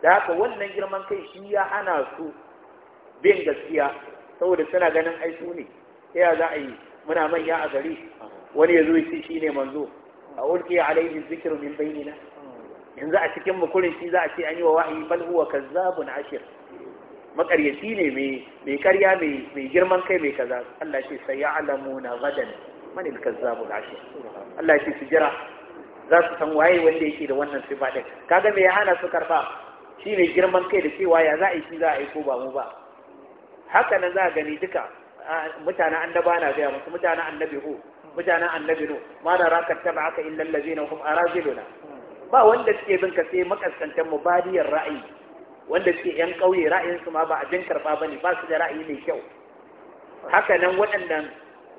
da haka wannan girman kai shi ya hana su bin gaskiya saboda suna ganin ai su ne sai ya za a yi muna manya a gari wani ya zo ya shi ne manzo a ulki alaihi zikir min bainina yanzu a cikin mukurin shi za a ce an yi wa wahayi bal huwa kazzabun ashir makaryaci ne mai karya mai girman kai mai kaza Allah ce sai ya'lamuna gadan man al-kazzabul ashir Allah ce su jira za su san waye wanda yake da wannan sifa din kaga me ya hana su karba shi ne girman kai da cewa ya za a yi shi za a yi ko ba mu ba haka nan za a gani duka an annaba na gaya musu mutanen annabi hu mutanen annabi nu ma na raka taba aka illa allazina hum araziluna ba wanda suke bin ka sai makaskantan mubadiyar ra'ayi wanda suke yan kauye ra'ayinsu ma ba abin karba bane ba su da ra'ayi mai kyau haka nan waɗannan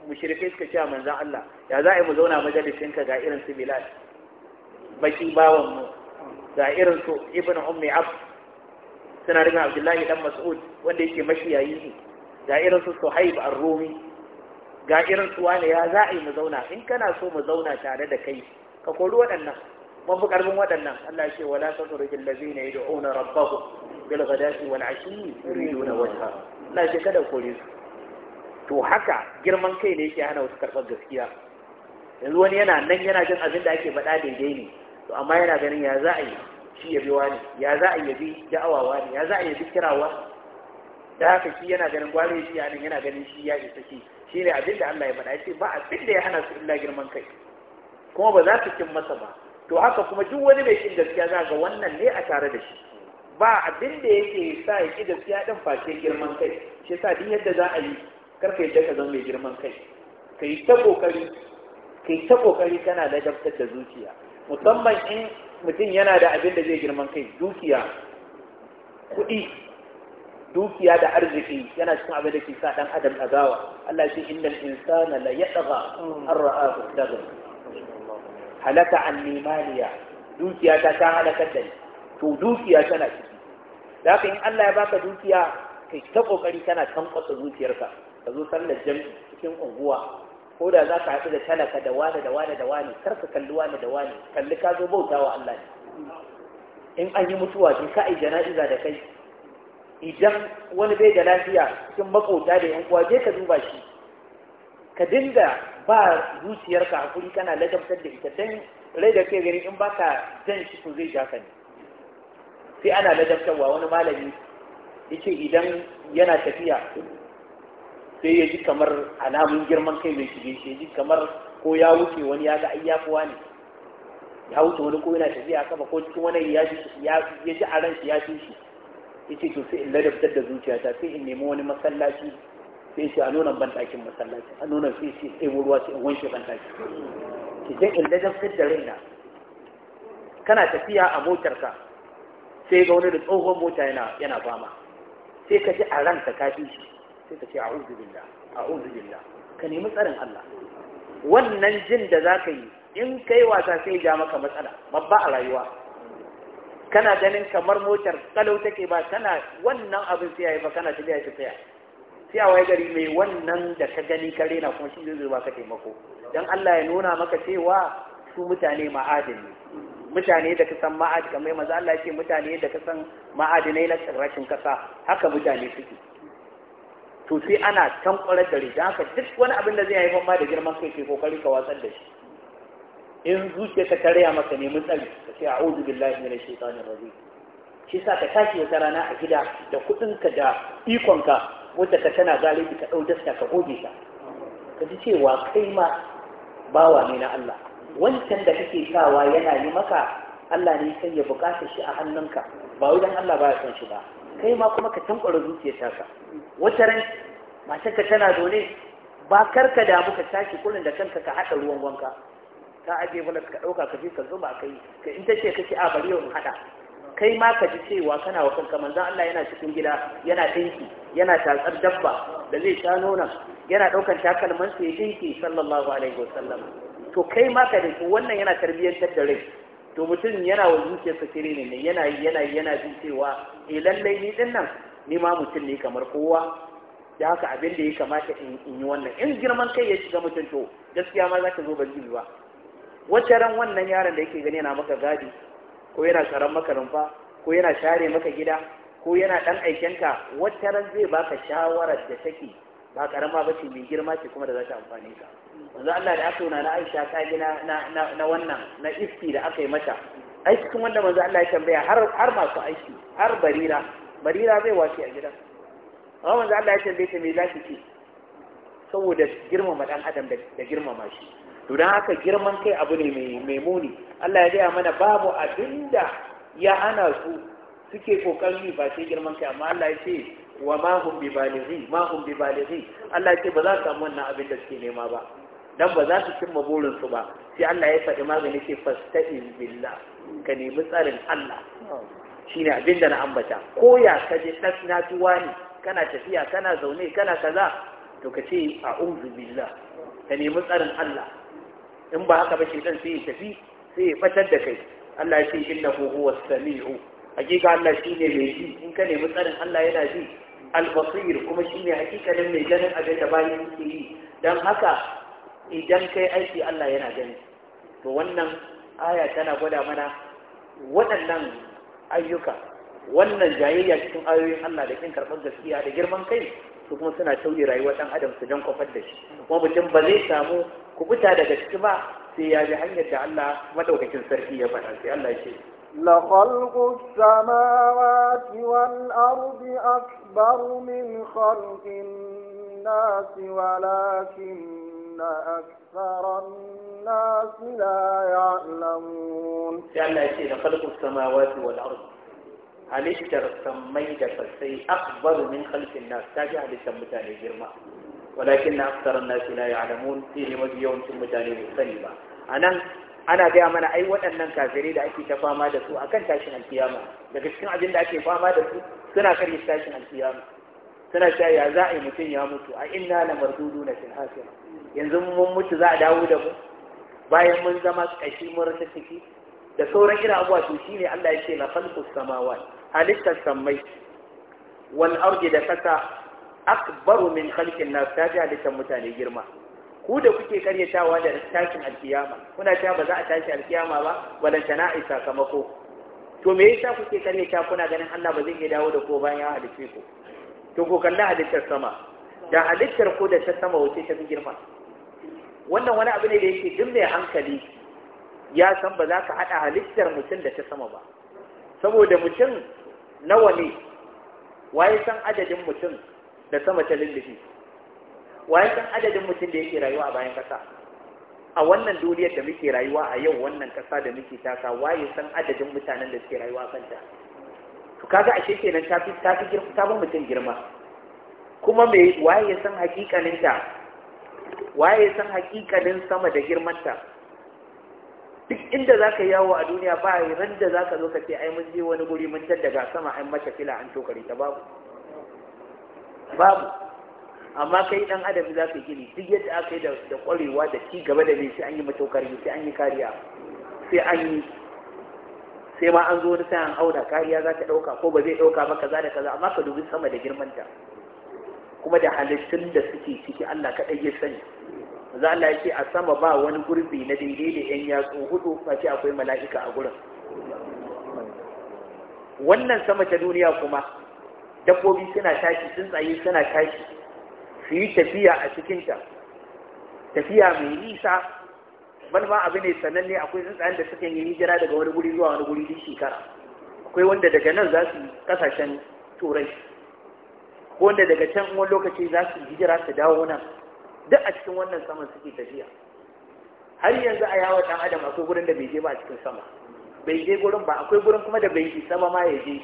mushrikai suka cewa manzan Allah ya za a yi mu zauna majalisin ga irin su Bilal baki bawan mu ga irin su ibn ummi Af suna riga abdullahi dan mas'ud wanda yake mashiyayi ne ga irin su suhaib ar-rumi ga irin su wane ya za a yi mu zauna in kana so mu zauna tare da kai ka kori waɗannan mun fi ƙarfin waɗannan Allah ya ce wala tasruju allazina yad'una rabbahu bil ghadati wal ashi yuriduna wajha Allah ya ce kada kore su to haka girman kai ne yake hana wasu karɓar gaskiya yanzu wani yana nan yana jin abin da ake faɗa daidai ne to amma yana ganin ya za a yi shi ya bi wani ya za a yi bi da'awa wani ya za a yi bi kirawa da haka shi yana ganin gwari shi ya nan yana ganin shi ya isa shi shi ne abin da Allah ya faɗa ce ba abin da ya hana su illa girman kai kuma ba za su kin masa ba to haka kuma duk wani mai kin gaskiya za ga wannan ne a tare da shi ba abin da yake sa ya ki gaskiya din face girman kai shi yasa din yadda za a yi kar ka yadda ka zama mai girman kai kai ta kokari kai ta kokari kana ladabtar da zuciya musamman in mutum yana da abin da zai girman kai dukiya kuɗi dukiya da arziki yana cikin abin da ke sa ɗan adam gawa. Allah shi innal insana la yatagha an ra'ahu daga halaka an limaniya dukiya ta ta halaka da to dukiya tana ciki da haka in Allah ya baka dukiya kai ta kokari kana tankwasa zuciyarka ka zo sallar jam'i cikin unguwa ko da za ka haɗu da talaka da wane da wane da wane kar ka kalli wane da wane kalli ka zo bauta wa Allah ne in an yi mutuwa shi ka yi jana'iza da kai idan wani bai da lafiya cikin makauta da yan uwa je ka duba shi ka dinga ba zuciyarka a hakuri kana ladabtar da ita dan rai da ke gani in baka jan shi ko zai ja ka ne sai ana ladabtarwa wani malami yace idan yana tafiya sai ya ji kamar alamun girman kai mai shige shi ya ji kamar ko ya wuce wani ya ga ai ya fi wani ya wuce wani ko yana tafiya kafa ko cikin wani ya ji a ran shi ya fi shi ya ce to sai in ladabtar da zuciyata sai in nemi wani masallaci sai shi a nunan banɗakin masallaci a nunan sai shi sai ruwa sai in wanke banɗaki ki sai in ladabtar da raina kana tafiya a motarka sai ga wani da tsohon mota yana fama sai ka ji a ranka ka fi shi sai ta ce a billah a'udhu billah ka nemi tsarin Allah wannan jin da za ka yi in kai wasa sai ja maka matsala babba a rayuwa kana ganin kamar motar kalau take ba kana wannan abin sai yi ba kana tafiya ya tafiya sai a waye gari mai wannan da ka gani ka rena kuma shi zai ka taimako dan Allah ya nuna maka cewa su mutane ma'adin ne mutane da ka san ma'adini kamar maza Allah ya ce mutane da ka san ma'adinai na rashin kasa haka mutane suke to sai ana tankwarar da rikin haka duk wani abin da zai haifar ma da girman kai ke kokari ka wasan da shi in zuciya ka tarya maka nemi tsari ka ce a'udhu billahi minash shaitanir rajim shi sa ka tashi wata rana a gida da kuɗinka da ikonka wadda ka tana galibi ka dau dasta ka goge ta ka ji cewa kai ma bawa ne na Allah wancan da kake sawa yana yi maka Allah ne sai ya bukata shi a hannunka ba wajen Allah ba ya son shi ba kai ma kuma ka tankwara zuciyar taka wata ran matarka tana dole. ba karka damu ka tashi kurin da kanka ka haɗa ruwan wanka ka aje bulas ka ɗauka ka je ka zuba kai ka in tace kake a bari yau mu haɗa kai ma ka ji cewa kana wa kanka manzon Allah yana cikin gida yana dinki yana tsatsar dabba da zai sha nonon yana ɗaukar takalman sa ya dinki sallallahu alaihi wasallam to kai ma ka dinki wannan yana tarbiyyantar da rai to mutum yana wa zuciyarsa kire ne yana yi yana yana jin cewa eh lallai ni din nan ni ma mutum ne kamar kowa da haka abin da ya kamata in yi wannan in girman kai ya shiga mutum to gaskiya ma za ta zo ban ba wacce ran wannan yaron da yake gani yana maka gadi ko yana tsaron maka rumfa ko yana share maka gida ko yana dan aikenka wacce ran zai baka shawarar da take ba karama ba ce mai girma ce kuma da za ta amfane ka yanzu Allah da aka yi na Aisha ta gina na wannan na iski da aka yi mata ai cikin wanda manzo Allah ya tambaya har har masu aiki har barira barira zai wace a gidan amma manzo Allah ya tambaye ta me za ki ci saboda girmama dan adam da girmama shi to dan haka girman kai abu ne mai mai muni Allah ya gaya mana babu abinda ya ana su suke kokari ba sai girman kai amma Allah ya ce wa ma hum bi balighi ma hum bi balighi Allah ya ce ba za su samu wannan abin da suke nema ba dan ba za su cimma burinsu ba sai Allah ya faɗi magani ce fasta'in billah ka nemi tsarin Allah shine abin da na ambata ko ya ka je ɗas na tuwa ne kana tafiya kana zaune kana kaza to ka ce a billah ka nemi tsarin Allah in ba haka ba shaitan sai ya tafi sai ya fatar da kai Allah ya ce innahu huwa samiu hakika Allah shine mai ji in ka nemi tsarin Allah yana ji al-basir kuma shine hakikanin mai ganin abin da bayan yake yi dan haka idan kai aiki Allah yana gani to wannan aya tana gwada mana waɗannan ayyuka wannan jayayya cikin ayoyin Allah da kin karɓar gaskiya da girman kai su kuma suna tauye rayuwar ɗan adam su jan kofar da shi kuma mutum ba zai samu kubuta daga ciki ba sai ya ji hanyar da Allah madaukakin sarki ya faɗa sai Allah ya ce لخلق السماوات والأرض أكبر من خلق الناس ولكن أكثر الناس لا يعلمون جعل شيء خلق السماوات والأرض halittar sammai da sassai akbaru min khalqin nas ta ji halittar mutane girma الناس na يعلمون nasu la يوم sai ne mafi yawancin mutane bai sani ba anan ana gaya mana ai waɗannan kafirai da ake tafama da su akan tashin alkiyama daga cikin abin da ake fama da su suna karya tashin alkiyama suna cewa za a yi mutum ya mutu a inna la na fil hasira yanzu mun mutu za a dawo da mu bayan mun zama ƙashi mun rasa ciki da sauran irin abuwa to shi ne Allah ya ce la khalqus samawati halittar samai wal ardi da kasa akbaru min khalqin nas ta ji halittar mutane girma ku da kuke karyatawa da tashin alkiyama kuna cewa ba za a tashi alkiyama ba tana a sakamako to me yasa kuke karyata kuna ganin Allah ba zai iya dawo da ko bayan ya halice ku to ko kalla halittar sama da halittar ku da ta sama wace ta fi girma wannan wani abu ne da yake duk mai hankali ya san ba za ka haɗa halittar mutum da ta sama ba saboda mutum nawa ne waye san adadin mutum da sama ta lullufi waye san adadin mutum da yake rayuwa a bayan ƙasa a wannan duniyar da muke rayuwa a yau wannan ƙasa da muke taka waye san adadin mutanen da suke rayuwa a kanta to kaga ashe kenan ta fi ta fi mutum girma kuma me waye san hakikaninta waye san hakikalin sama da girmanta duk inda za ka yawo a duniya ba ran da za ka zo ka ce ai mun je wani guri mun tar daga sama an mata fila an tokari ta babu babu amma kai dan adam za ka gini duk yadda aka yi da kwarewa da ci gaba da mai sai an yi matokari sai an yi kariya sai an yi sai ma an zo wani sai an auna kariya za ta ɗauka ko ba zai ɗauka ba kaza da kaza amma ka dubi sama da girmanta kuma da halittun da suke ciki Allah kaɗai ya sani za Allah a sama ba wani gurbi na daidai da yan yatsu hudu face akwai mala'ika a gurin wannan sama ta duniya kuma dabbobi suna tashi tsuntsaye suna tashi su yi tafiya a cikinta tafiya mai nisa ma abu ne sananne akwai tsuntsayen da suka yi hijira daga wani guri zuwa wani guri duk shekara akwai wanda daga nan za su yi kasashen turai ko wanda daga can wani lokaci za su hijira su dawo nan duk a cikin wannan saman suke tafiya har yanzu a yawon ɗan adam akwai gurin da bai je ba a cikin sama bai je gurin ba akwai gurin kuma da bai yi sama ma ya je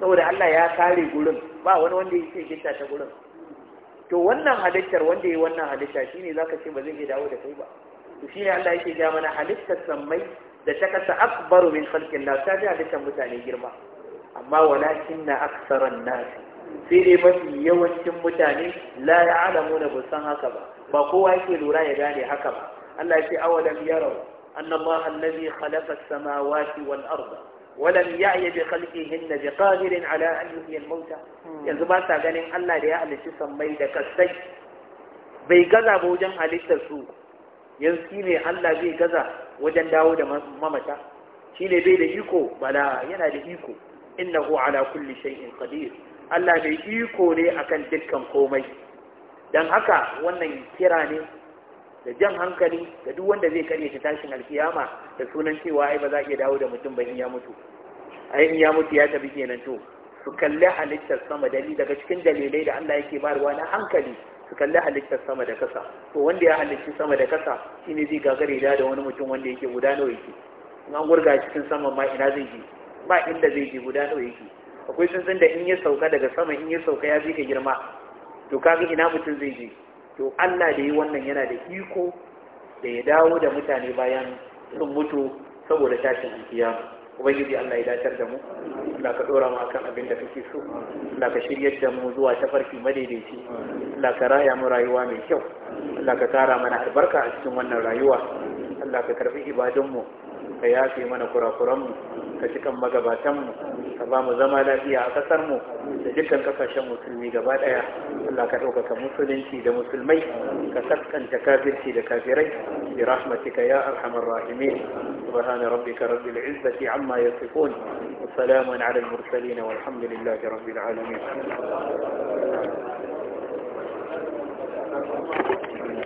saboda Allah ya kare gurin ba wani wanda ya ce gitta ta gurin to wannan halittar wanda ya yi wannan halitta shine zaka ce ba zai iya dawo da kai ba to shine Allah yake ga mana halittar sammai da ta kasa akbaru min khalqin la ta ji halittar mutane girma amma walakin na aksaran nasi sai dai mafi yawancin mutane la alamu da busan haka ba ba kowa yake lura ya gane haka ba Allah ya ce awalam yarau anna Allah allazi khalaqa sama samawati wal arda walam ya'ya bi na bi qadirin ala an yuhyi al-mauta hmm. yanzu ba sa ganin Allah da ya halicci sammai da kasai bai gaza ba wajen halittar su yanzu shine Allah zai gaza wajen dawo da mamata shine bai da iko bala yana da iko innahu ala kulli shay'in qadir Allah mai iko ne akan dukkan komai don haka wannan kira ne da jan hankali da duk wanda zai karye ta tashin alkiyama da sunan cewa ai ba za iya dawo da mutum ba ya mutu ai in ya mutu ya tafi kenan to su kalli halittar sama ni daga cikin dalilai da Allah yake barwa na hankali su kalli halittar sama da kasa to wanda ya halicci sama da kasa shine zai gagare da da wani mutum wanda yake guda nawa yake in an gurga cikin sama ma ina zai je ba inda zai je guda nawa yake akwai tsuntsun da in ya sauka daga sama in ya sauka ya fi ka girma to kaga ina mutum zai je to Allah da yi wannan yana da iko da ya dawo da mutane bayan sun mutu saboda tashin kiyama ubangiji Allah ya dacar da mu Allah ka dora mu akan abin da kake so Allah ka shiryar da mu zuwa tafarki madaidaici Allah ka raya mu rayuwa mai kyau Allah ka kara mana albarka a cikin wannan rayuwa Allah ka karbi ibadun mu ka yafe mana kurakuranmu ka cikan magabatanmu ka ba mu zama lafiya a ƙasarmu da dukkan kasashen musulmi gaba ɗaya Allah ka ɗaukaka musulunci da musulmai ka saskanta kafirci da kafirai bi rahmatika ya arhamar rahimin subhana rabbika rabbil izzati amma yasifun wa salamun ala al mursalin walhamdulillahi rabbil alamin